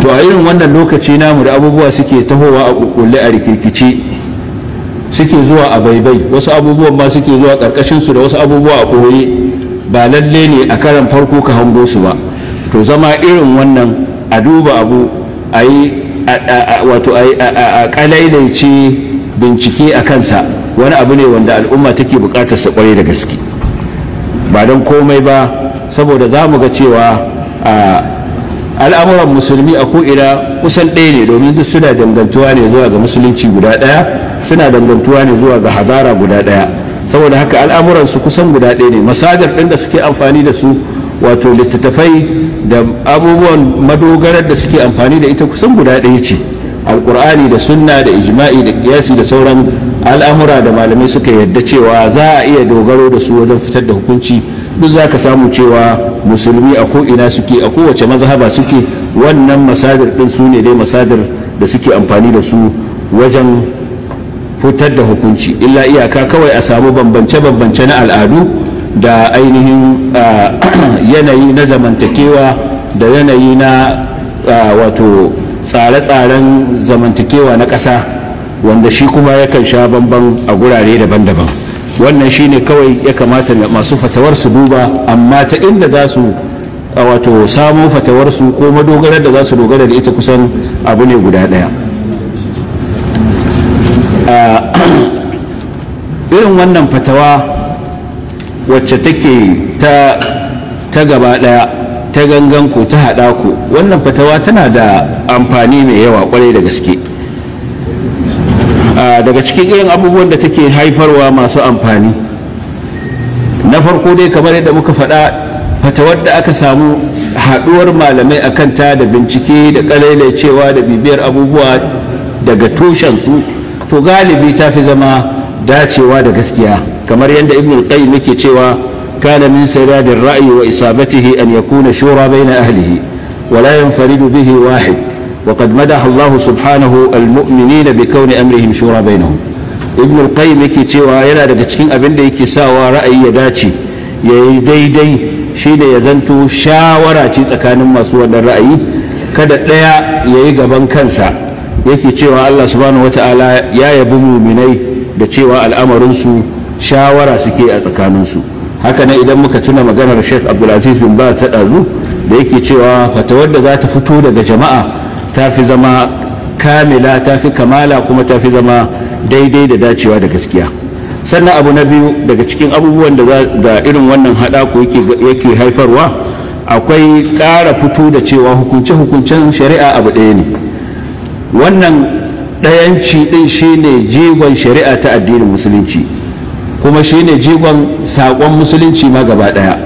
to a irin wannan lokaci namu da abubuwa suke tahowa a kukulle a rikirkice suke zuwa a baibai wasu abubuwan ba suke zuwa karkashin su da wasu abubuwa a koyi ba lalle ne a karan farko ka hango su ba to zama irin wannan a duba abu a yi wato a kalailaice bincike a kansa wani abu ne wanda al'umma take bukatar su kwarai da gaske ba don komai ba saboda za mu ga cewa a. al'amuran musulmi a ko'ina kusan ɗaya ne domin duk suna dangantuwa ne zuwa ga musulunci guda ɗaya suna dangantuwa ne zuwa ga hazara guda ɗaya saboda haka al'amuransu kusan guda ɗaya ne masajar ɗin da suke amfani da su wato littattafai da abubuwan madogarar da suke amfani da ita kusan guda ɗaya ce alkur'ani da sunna da ijma'i da kiyasi da sauran al'amura da malamai suka yadda cewa za a iya dogaro da su wajen fitar da hukunci duk za ka samu cewa musulmi a ko'ina suke a kowace mazhaba suke wannan masadar ɗin su ne dai masadar da suke amfani da su wajen fitar da hukunci illa iyaka kawai a samu bambance-bambance na al'adu da ainihin yanayi na zamantakewa da yanayi na wato tsare-tsaren zamantakewa na ƙasa wanda shi kuma yakan sha bamban a gurare daban-daban wannan shi ne kawai ya kamata masu fatawar su duba amma ta inda za su wato samo fatawar su ko madogarar da za su dogara da ita kusan abu ne guda ɗaya irin wannan fatawa wacce take ta gaba ɗaya ta gangan ko ta haɗa ku wannan fatawa tana da amfani mai yawa kwarai da gaske ah, daga cikin irin abubuwan da take haifarwa masu amfani na farko dai kamar yadda muka faɗa fatawar da aka samu haɗuwar malamai a kanta da bincike da cewa da bibiyar abubuwa daga tushensu to galibi ta fi zama dacewa da gaskiya kamar yadda ibn qayyim yake cewa كان من سداد الرأي وإصابته أن يكون شورى بين أهله ولا ينفرد به واحد وقد مدح الله سبحانه المؤمنين بكون أمرهم شورى بينهم ابن القيم كي تيوى يلا لكتكين أبن دي كي ساوى رأي يداتي يدي دي شين يزنتو شاورا تيسا كان ما سوى الرأي كدت ليا ييقى بنكنسا يكي تيوى الله سبحانه وتعالى يا يبو مؤمني دي تيوى الأمر سو شاورا سكي أتكانون سو haka ne idan muka tuna maganar sheikh abdulaziz bin baz ta dazu da yake cewa fatawar da za ta fito daga jama'a ta fi zama kamila ta fi kamala kuma ta fi zama daidai da dacewa da gaskiya sannan abu na biyu daga cikin abubuwan da da irin wannan haɗaku yake haifarwa akwai ƙara fito da cewa hukunce-hukuncen shari'a abu ɗaya ne wannan ɗayanci ɗin shine jigon shari'a ta addinin musulunci kuma shine jigon sakon musulunci ma gaba ɗaya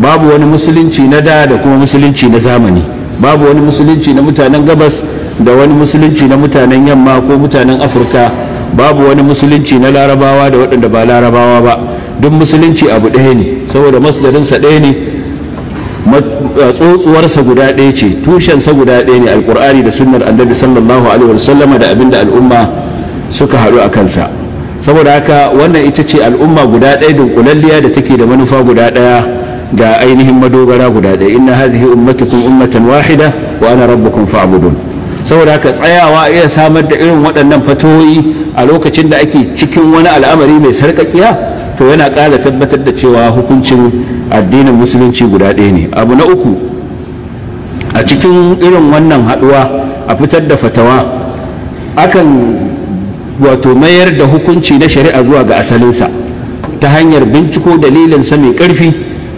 babu wani musulunci na da da kuma musulunci na zamani babu wani musulunci na mutanen gabas da wani musulunci na mutanen yamma ko mutanen afirka babu wani musulunci na larabawa da waɗanda ba larabawa ba duk musulunci abu ɗaya ne saboda masdarinsa ɗaya ne eh, tsotsuwarsa guda ɗaya ce tushensa guda ɗaya ne alkur'ani da sunnar annabi sallallahu alaihi wasallama da abinda al'umma suka haɗu a kansa saboda haka wannan ita ce al'umma guda ɗaya dunkulalliya da take da manufa guda ɗaya ga ainihin madogara guda ɗaya inna hadhihi ummatukum ummatan wahida wa ana rabbukum fa'budun saboda haka tsayawa iya samar da irin waɗannan fatoyi a lokacin da ake cikin wani al'amari mai sarƙaƙiya to yana ƙara tabbatar da cewa hukuncin addinin musulunci guda ɗaya ne abu na uku a cikin irin wannan haɗuwa a fitar da fatawa akan wato mayar da hukunci na shari'a zuwa ga asalinsa ta hanyar binciko dalilinsa mai ƙarfi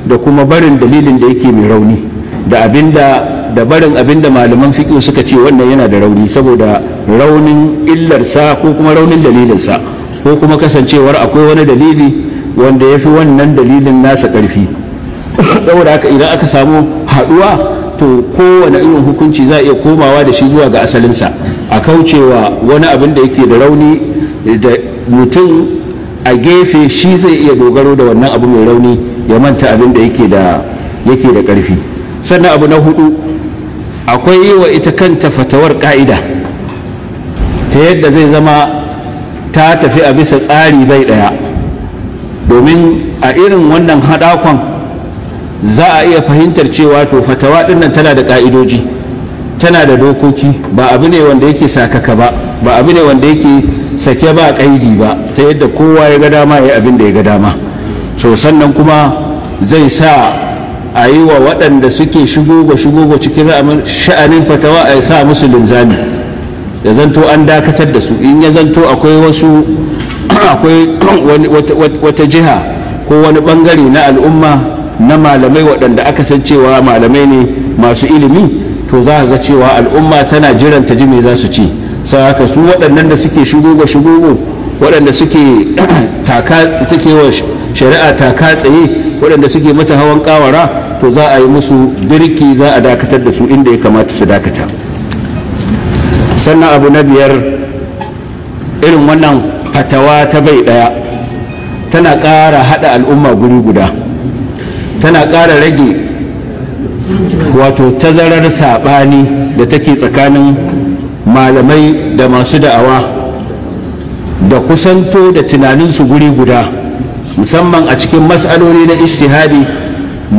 da kuma barin dalilin da yake mai rauni da abinda da barin abinda malaman fiƙi suka ce wannan yana da rauni saboda raunin illarsa ko kuma raunin dalilinsa ko kuma kasancewar akwai wani dalili wanda ya fi wannan dalilin nasa ƙarfi saboda haka idan aka samu haɗuwa to kowane irin hukunci za a iya komawa da shi zuwa ga asalinsa a kaucewa wani abin da yake da rauni da mutum a gefe shi zai iya dogaro da wannan abu mai rauni ya manta abin da yake da yake ƙarfi sannan abu na hudu akwai yi wa ita kanta fatawar ka'ida ta yadda zai zama ta tafi a bisa tsari bai ɗaya domin a irin wannan haɗakon za a iya fahimtar cewa to fatawa ɗinnan tana da ƙa'idoji tana da dokoki ba abu ne wanda yake sakaka ba ba abu ne wanda yake sake ba kaidi ba ta yadda kowa ya ga dama ya abin da ya ga dama so sannan kuma zai sa a yi wa waɗanda suke shigogo shigogo cikin sha'anin fatawa a sa musu linzami ya zanto an dakatar da su in ya zanto akwai wasu akwai wata jiha ko wani bangare na al'umma na malamai waɗanda aka san cewa malamai ne masu ilimi to za ga cewa al'umma tana jiran ta ji me za su ce sai haka su waɗannan da suke shigo ga shigogo waɗanda suke taka suke wa shari'a taka tsaye waɗanda suke mata hawan kawara to za a yi musu birki za a dakatar da su inda ya kamata su dakata sannan abu na biyar irin wannan fatawa ta bai ɗaya tana ƙara haɗa al'umma guri guda tana ƙara rage wato tazarar saɓani da take tsakanin malamai da masu da'awa da kusanto da tunaninsu guri guda musamman a cikin mas'aloli na ishtihadi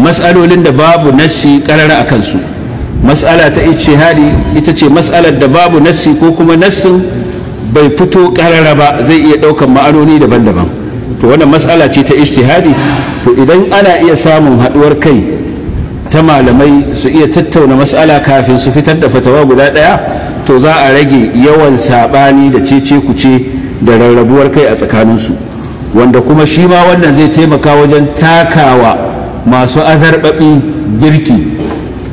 matsalolin da babu nassi karara a kansu Mas'ala ta ishtihadi ita ce matsalar da babu nassi ko kuma nassin bai fito karara ba zai iya ɗaukan ma'anoni daban-daban to wannan matsala ce ta ishtihadi to idan ana iya samun haɗuwar kai ta malamai su iya tattauna matsala kafin su fitar da fatawa guda ɗaya to za a rage yawan saɓani da cece kuce da rarrabuwar kai a tsakaninsu wanda kuma shi ma wannan zai taimaka wajen takawa masu azarbaɓi birki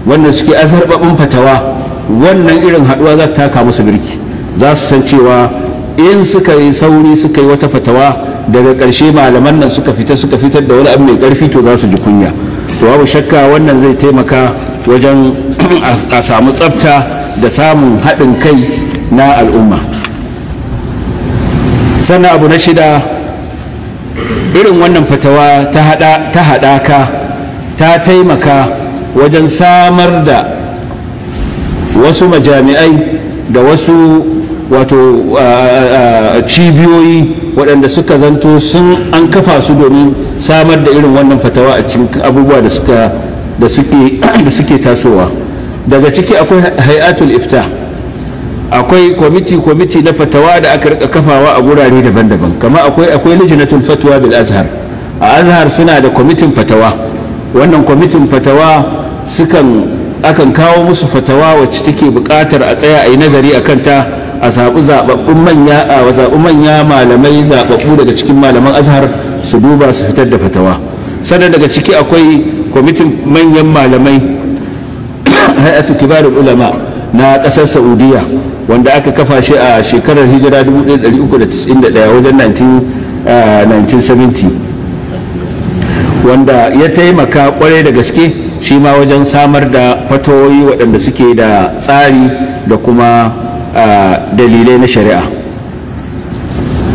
wannan suke azarbaɓin fatawa wannan irin haɗuwa za ta taka musu birki za su san cewa in suka yi sauri suka yi wata fatawa daga ƙarshe malaman nan suka fita suka fitar da wani abu mai ƙarfi to za su ji kunya to babu shakka wannan zai taimaka wajen a samu tsafta da samun haɗin kai na al'umma sannan abu na shida irin wannan fatawa ta haɗaka ta taimaka wajen samar da wasu majami'ai da wasu wato cibiyoyi waɗanda suka zanto sun an kafa su domin samar da irin wannan fatawa a cikin abubuwa da suke tasowa daga ciki akwai hay'atul ifta akwai kwamiti kwamiti na fatawa da aka rika kafawa a gurare daban-daban kama akwai akwai lijinatul fatwa bil azhar a azhar suna da kwamitin fatawa wannan kwamitin fatawa sukan akan kawo musu fatawa wacce take buƙatar a tsaya a yi nazari a kanta a zaɓi zaɓaɓɓun manya a manya malamai zaɓaɓɓu daga cikin malaman azhar su duba su fitar da fatawa sannan daga ciki akwai kwamitin manyan malamai hay'atu kibarul ulama na ƙasar saudiya wanda aka kafa shi a shekarar hijira 1391 wajen 1970 wanda ya taimaka kwarai da gaske shi ma wajen samar da fatoyi waɗanda suke da tsari da kuma dalilai na shari'a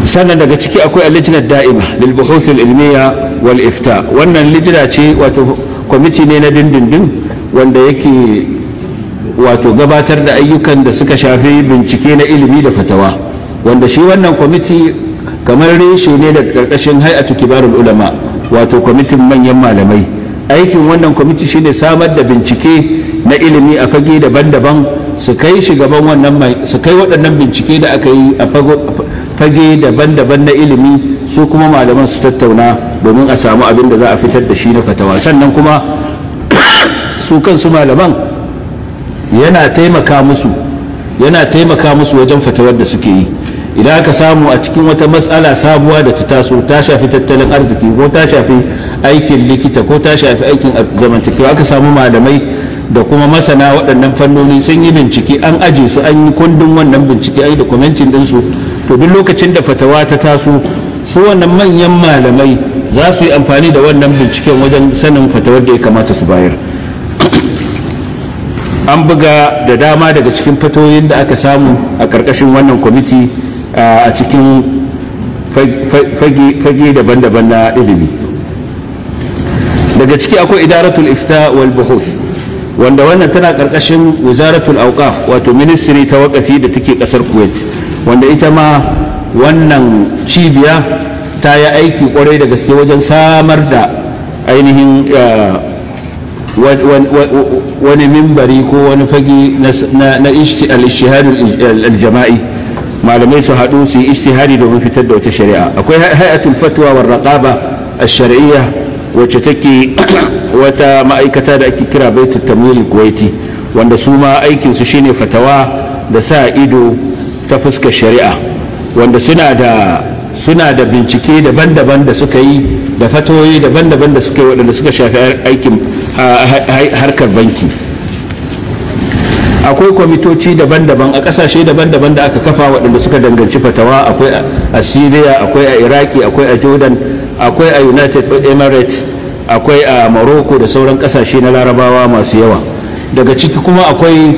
sannan daga ciki akwai alijina da'ima lil ilmiya wal ifta wannan lijina ce wato kwamiti ne na dindindin wanda yake wato gabatar da ayyukan da suka shafi bincike na ilimi da fatawa wanda shi wannan kwamiti kamar reshe ne da karkashin hay'atu kibarul ulama wato kwamitin manyan malamai aikin wannan kwamiti shine samar da bincike na ilimi a fage daban-daban su kai shi gaban wannan su kai waɗannan bincike da aka yi a fage daban-daban na ilimi su kuma malaman su tattauna domin a samu abin da za a fitar da shi na fatawa sannan kuma su kansu malaman yana taimaka musu yana taimaka musu wajen fatawar da suke yi idan aka samu a cikin wata matsala sabuwa da ta taso ta shafi tattalin arziki ko ta shafi aikin likita ko ta shafi aikin zamantakewa aka samu malamai da kuma masana waɗannan fannoni sun yi bincike an aje su an yi kundin wannan bincike an yi dokumentin ɗinsu to duk lokacin da fatawa ta taso su wannan manyan malamai za su yi amfani da wannan binciken wajen sanin fatawar da ya kamata su bayar an buga da dama daga cikin fatoyin da aka samu a ƙarƙashin wannan kwamiti a cikin fage daban-daban na ilimi daga ciki akwai idaratul ifta wal buhuth wanda wannan tana karkashin wizaratul auqaf wato ministry ta wakafi da take kasar kuwait wanda ita ma wannan cibiya ta yi aiki kwarai da gaske wajen samar da ainihin eh, wani mimbari ko wani fage na al-jama'i malamai su haɗu su yi ishtihari domin fitar da wata shari'a akwai hay'atul fatwa wa raqaba al wacce take wata ma'aikata da ake kira baitul tamil kuwaiti wanda su ma aikinsu shine fatawa da sa ido ta fuskar shari'a wanda suna da suna da bincike daban-daban da suka yi da fatoyi daban-daban da suka yi waɗanda suka shafi aikin harkar banki akwai kwamitoci daban-daban a ƙasashe daban-daban da aka kafa waɗanda suka danganci fatawa akwai a syria akwai a iraki akwai a jordan akwai a united emirates akwai a morocco da sauran kasashe na larabawa masu yawa daga ciki kuma akwai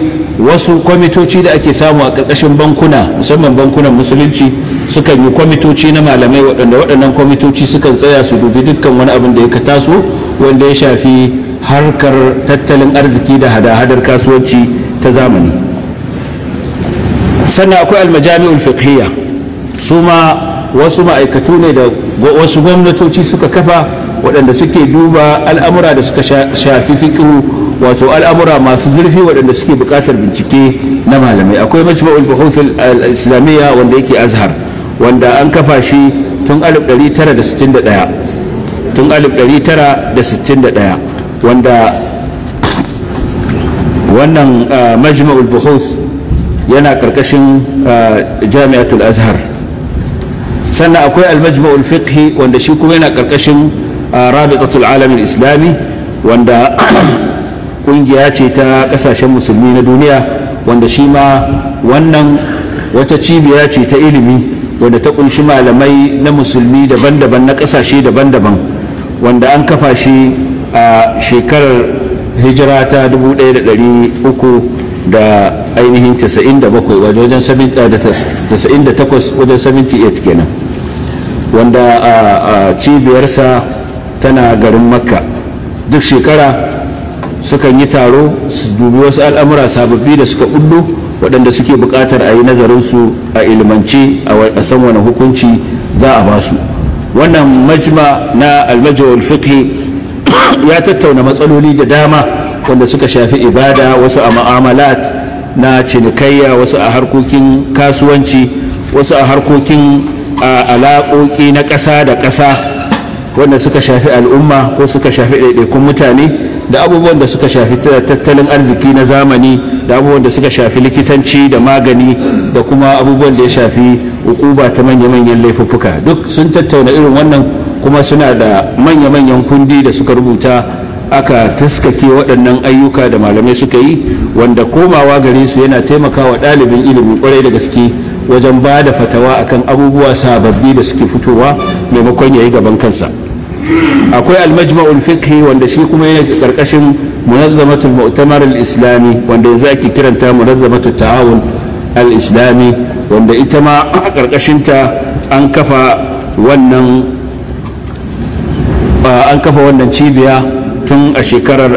wasu kwamitoci da ake samu a ƙarƙashin bankuna musamman bankunan musulunci sukan yi kwamitoci na malamai waɗanda waɗannan kwamitoci sukan tsaya su dubi dukkan wani abin da ya taso wanda ya shafi harkar tattalin arziki da hada-hadar kasuwanci ta zamani sannan akwai almajami'ul fiqhiyya su ma wasu ma'aikatu ne da wasu gwamnatoci suka kafa waɗanda suke duba al'amura da suka shafi fikiru wato al'amura masu zurfi waɗanda suke buƙatar bincike na malamai akwai majma'ul buhuth al-islamiyya wanda yake azhar wanda an kafa shi tun 1961 tun 1961 wanda wannan ah, majma'ul buhuth yana ƙarƙashin ah, jami'atul azhar sannan akwai almajma'ul fiqhi wanda shi kuma yana karkashin ah, rabitatul alamin islami wanda kungiya ce ta kasashen musulmi na duniya wanda shi ma wannan wata cibiya ce ta ilimi wanda ta kunshi malamai na musulmi daban-daban na kasashe daban-daban wanda an kafa shi a shekarar hijira ta 1300 da ainihin 97 wajen 78 wajen 78 eh, kenan wanda a cibiyarsa tana garin makka duk shekara sukan yi taro su dubi wasu al'amura sababbi da suka kullu waɗanda suke buƙatar a yi nazarinsu a ilmance a san wani hukunci za a basu wannan majma na almajawar fiqhi ya tattauna matsaloli da dama wanda suka shafi ibada wasu a ma'amalat na cinikayya wasu a harkokin kasuwanci wasu a harkokin alaƙoƙi na ƙasa da ƙasa wanda suka shafi al'umma ko suka shafi ɗaiɗaikun mutane da abubuwan da suka shafi tattalin arziki na zamani da abubuwan da suka shafi likitanci da magani da kuma abubuwan da ya shafi hukuma ta manya-manyan laifuffuka duk sun tattauna irin wannan kuma suna da manya-manyan kundi da suka rubuta aka taskake waɗannan ayyuka da malamai suka yi wanda komawa gare su yana taimakawa ɗalibin ilimi kwarai da gaske wajen ba da fatawa akan abubuwa sababbi da suke fitowa maimakon ya yi gaban kansa akwai almajma'ul fiqhi wanda shi kuma yana karkashin munazzamatul mu'tamar al-islami wanda yanzu ake kiranta munazzamatul ta'awun al-islami wanda ita ma a karkashin ta an kafa wannan an kafa wannan cibiya tun a shekarar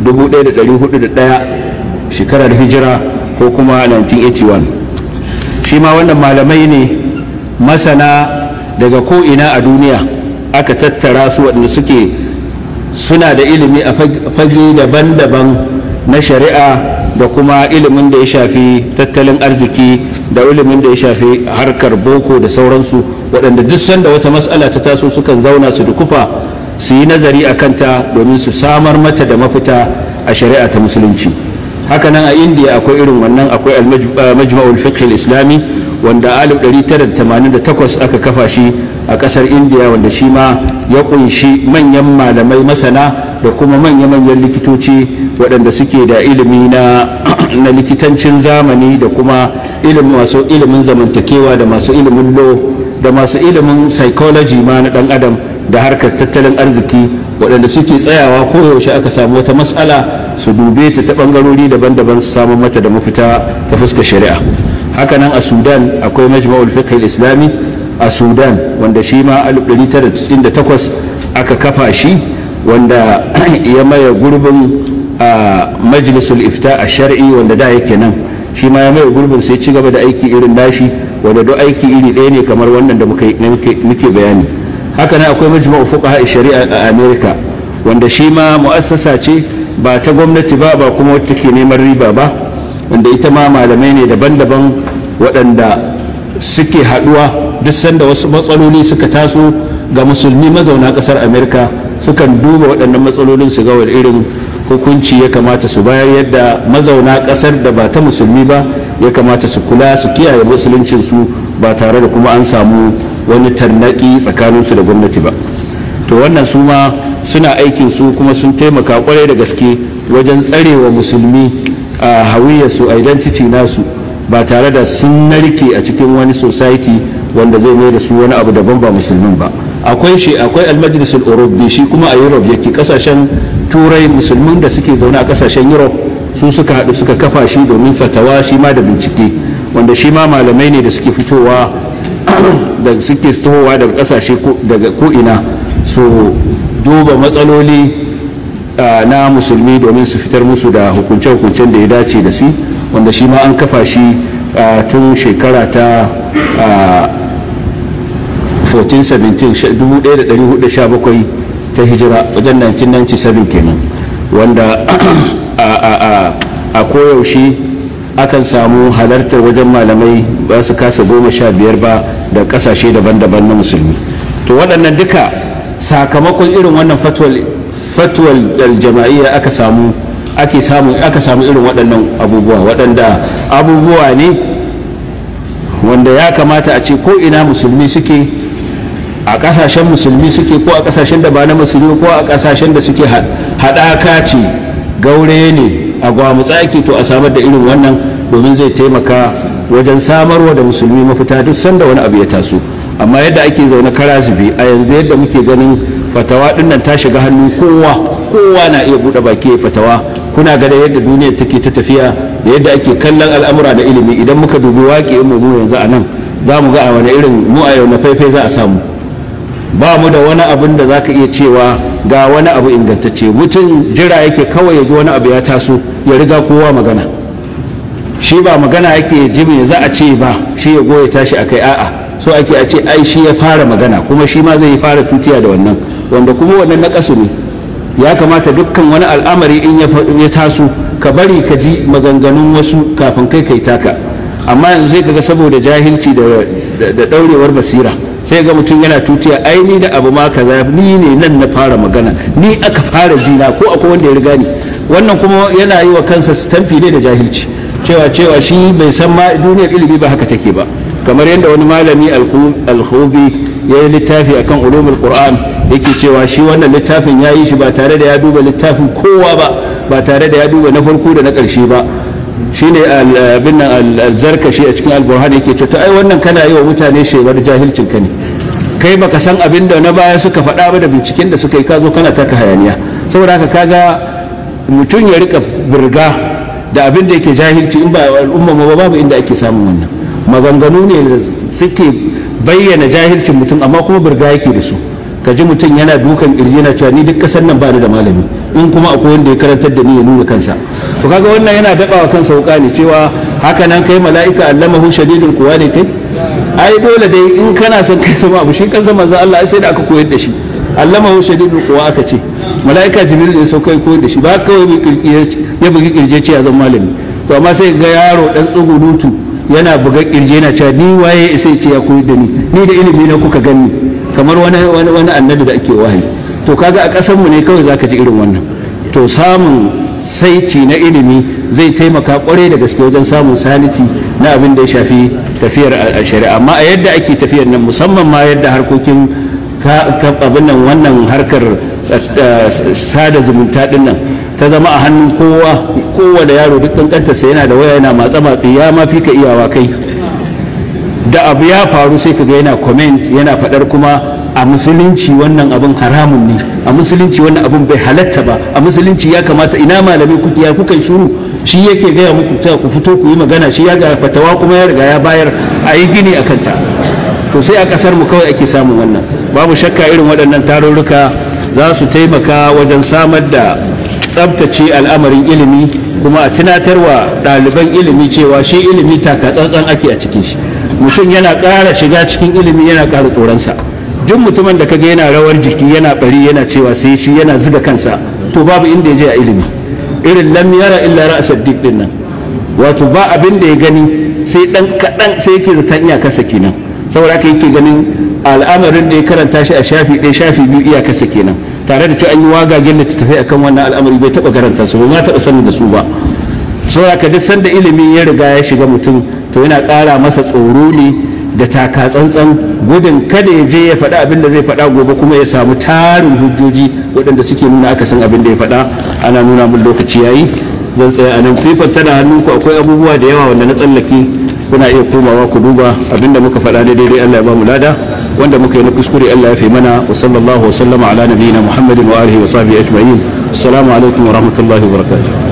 1401 shekarar hijira ko kuma 1981 shi ma wannan malamai ne masana daga ko'ina a duniya aka tattara su waɗanda suke suna da ilimi a fage daban-daban na shari'a da kuma ilimin da ya shafi tattalin arziki da ilimin da ya shafi harkar boko da sauransu waɗanda duk sanda wata matsala ta taso sukan zauna su dukufa su yi nazari a kanta domin su samar mata da mafita a shari'a ta musulunci hakanan a indiya akwai irin wannan akwai ah, majma'ul fiqh islami wanda alif 1988 aka kafa shi a kasar indiya wanda shi ma ya kunshi manyan malamai masana da kuma manya-manyan likitoci waɗanda suke da ilimi na, likitancin zamani da kuma ilimin zamantakewa da masu ilimin law da masu ilimin psychology ma na ɗan adam da harkar tattalin arziki waɗanda suke tsayawa koyaushe aka samu wata matsala su dube ta ta ɓangarori daban-daban su samu mata da mafita ta fuska shari'a hakanan a sudan akwai majma'ul fiqh islami a sudan wanda shi ma 1998 aka kafa shi wanda ya maye gurbin a majalisul ifta a shari'i wanda da yake nan shi ma ya maye gurbin sai ci gaba da aiki irin nashi wanda duk aiki iri ɗaya ne kamar wannan da muke bayani haka ne akwai majma'u fuqaha shari'a a America wanda shi ma mu'assasa ce ba ta gwamnati ba ba kuma wata ke neman riba ba wanda ita ma malamai ne daban-daban waɗanda suke haɗuwa duk sanda wasu matsaloli suka taso ga musulmi mazauna ƙasar America sukan duba waɗannan matsalolin su ga wani irin hukunci ya kamata su bayar yadda mazauna ƙasar da ba ta musulmi ba ya kamata su kula su kiyaye musuluncinsu ba tare da kuma an samu wani tarnaki tsakaninsu da gwamnati ba to wannan su ma suna aikin su kuma sun taimaka kwarai da gaske wajen tsarewa musulmi a hawiyar su identity nasu ba tare da sun narke a cikin wani society wanda zai mai da su wani abu daban ba musulmin ba akwai shi akwai europe urubbi shi kuma a europe yake kasashen turai musulmin da suke zaune a kasashen europe su suka haɗu suka kafa shi domin fatawa shi ma da bincike wanda shi ma malamai ne da suke fitowa da suke tsohowa daga kasashe daga ko'ina su duba matsaloli na musulmi domin su fitar musu da hukunce-hukuncen da ya dace da su wanda shi ma an kafa shi tun shekara ta 1417 ta hijira wajen 1997 kenan wanda a koyaushe akan samu halartar wajen malamai ba su kasa goma sha biyar ba da kasashe daban-daban na musulmi to waɗannan duka sakamakon irin wannan fatwal aljama'iyya aka samu ake samu aka samu irin waɗannan abubuwa waɗanda abubuwa ne wanda ya kamata a ce ko ina musulmi suke a ƙasashen musulmi suke ko a ƙasashen da ba na musulmi ko a ƙasashen da suke haɗaka ce gaure ne a gwamutsa ake to a samar da irin wannan domin zai taimaka wajen samarwa da musulmi mafita duk sanda wani abu ya taso amma yadda ake zaune kara zube a yanzu yadda muke ganin fatawa dinnan ta shiga hannu kowa kowa na iya buɗe baki ya fatawa kuna gada yadda duniya take ta tafiya da yadda ake kallon al'amura da ilimi idan muka dubi waƙe mu yanzu a nan za mu ga a wani irin mu a yau na faifai za a samu ba mu da wani abin da za ka iya cewa ga wani abu ingantacce mutum jira yake kawai ya ji wani abu ya taso ya riga kowa magana shi ba magana yake ji me za a ce ba shi ya goya tashi a kai a'a so ake a ce ai shi ya fara magana kuma shi ma zai yi fara tutiya da wannan wanda kuma wannan na kasu ne ya kamata dukkan wani al'amari in ya taso ka bari ka ji maganganun wasu kafin kai kai taka amma yanzu sai kaga saboda jahilci da daurewar basira sai ga mutum yana tutiya ai ni da abu ma kaza ni ne nan na fara magana ni aka fara jina ko akwai wanda ya riga ni wannan kuma yana yi wa kansa stamfi ne da jahilci cewa cewa shi bai san ma duniyar ilimi ba haka take ba kamar yadda wani malami alhubi ya yi littafi akan ulumul qur'an yake cewa shi wannan littafin ya yi shi ba tare da ya duba littafin kowa ba ba tare da ya duba na farko da na karshe ba shine abin nan shi a cikin alburhan yake ce to ai wannan kana yi wa mutane shewar jahilcin ka ne kai baka san abin da na baya suka faɗa ba da binciken da suka yi ka zo kana taka hayaniya saboda haka kaga mutum ya rika burga da abin da yake jahilci in ba al'umma ma ba babu inda ake samun wannan maganganu ne da suke bayyana jahilcin mutum amma kuma burga yake da su ka ji mutum yana dukan kirji yana cewa ni duk kasar nan ba ni da malami in kuma akwai wanda ya karantar da ni ya nuna kansa to kaga wannan yana daba wa kansa wuka ne cewa haka nan kai mala'ika allamahu shadidul kuwa ne kai ai dole dai in kana son kai zama abu shi kansa manzo Allah sai da aka koyar da shi allamahu shadidul kuwa aka ce mala'ika jibril ne sai kai koyar da shi ba kawai ya bugi kirje ce ya zama malami to amma sai ga yaro dan dutu yana buga kirje yana cewa ni waye sai ce ya koyar da ni ni da ilimi na kuka gani kamar wani annabi da ake wahayi to kaga a kasar mu ne kawai zaka ji irin wannan to samun saiti na ilimi zai taimaka kwarai da gaske wajen samun saniti na abin da ya shafi tafiyar a shari'a amma a yadda ake tafiyar nan musamman ma yadda harkokin abin nan wannan harkar eh, sada zumunta din nan ta zama a hannun kowa da yaro duk sa yana da waya yana matsa matsi ya ma fi ka iyawa kai da abu ya faru sai ka ga yana comment yana faɗar kuma a musulunci wannan abin haramun ne a musulunci wannan abin bai halatta ba a musulunci ya kamata ina malamai kuke ya kukan shuru shi yake gaya muku ta ku fito ku yi magana shi ya ga fatawa kuma ya riga ya bayar a yi gini a kanta to sai a kasar mu kawai ake samun wannan babu shakka irin waɗannan tarurruka za su taimaka wajen samar da tsabtace al'amarin ilimi kuma a tunatarwa ɗaliban ilimi cewa shi ilimi taka tsantsan ake a cikin shi mutum yana ƙara shiga cikin ilimi yana ƙara tsoronsa duk mutumin da kaga yana rawar jiki yana bari yana cewa sai shi yana ziga kansa to babu inda ya je a ilimi irin lam yara illa ra'asad dik din nan wato ba abin da ya gani sai dan kadan sai yake iya kasa kenan saboda haka yake ganin al'amarin da ya karanta shi a shafi ɗaya shafi biyu iya kasa kenan tare da cewa an yi wagagen littattafai akan wannan al'amari bai taɓa karanta su ba ma taɓa sanin da su ba saboda ka duk sanda ilimi ya riga ya shiga mutum to yana kara masa tsoro ne da taka tsantsan gudun kada ya je ya faɗa abin da zai faɗa gobe kuma ya samu tarin hujjoji waɗanda suke nuna aka san abin da ya faɗa ana nuna mun lokaci yayi zan tsaya a nan fifan tana hannunku akwai abubuwa da yawa wanda na tsallake kuna iya komawa ku duba abin da muka faɗa dai dai Allah ya bamu lada wanda muka yi na kuskure Allah ya fi mana wa sallallahu wa sallama ala nabiyina Muhammadin wa alihi wa sahbihi ajma'in assalamu alaikum wa rahmatullahi wa barakatuh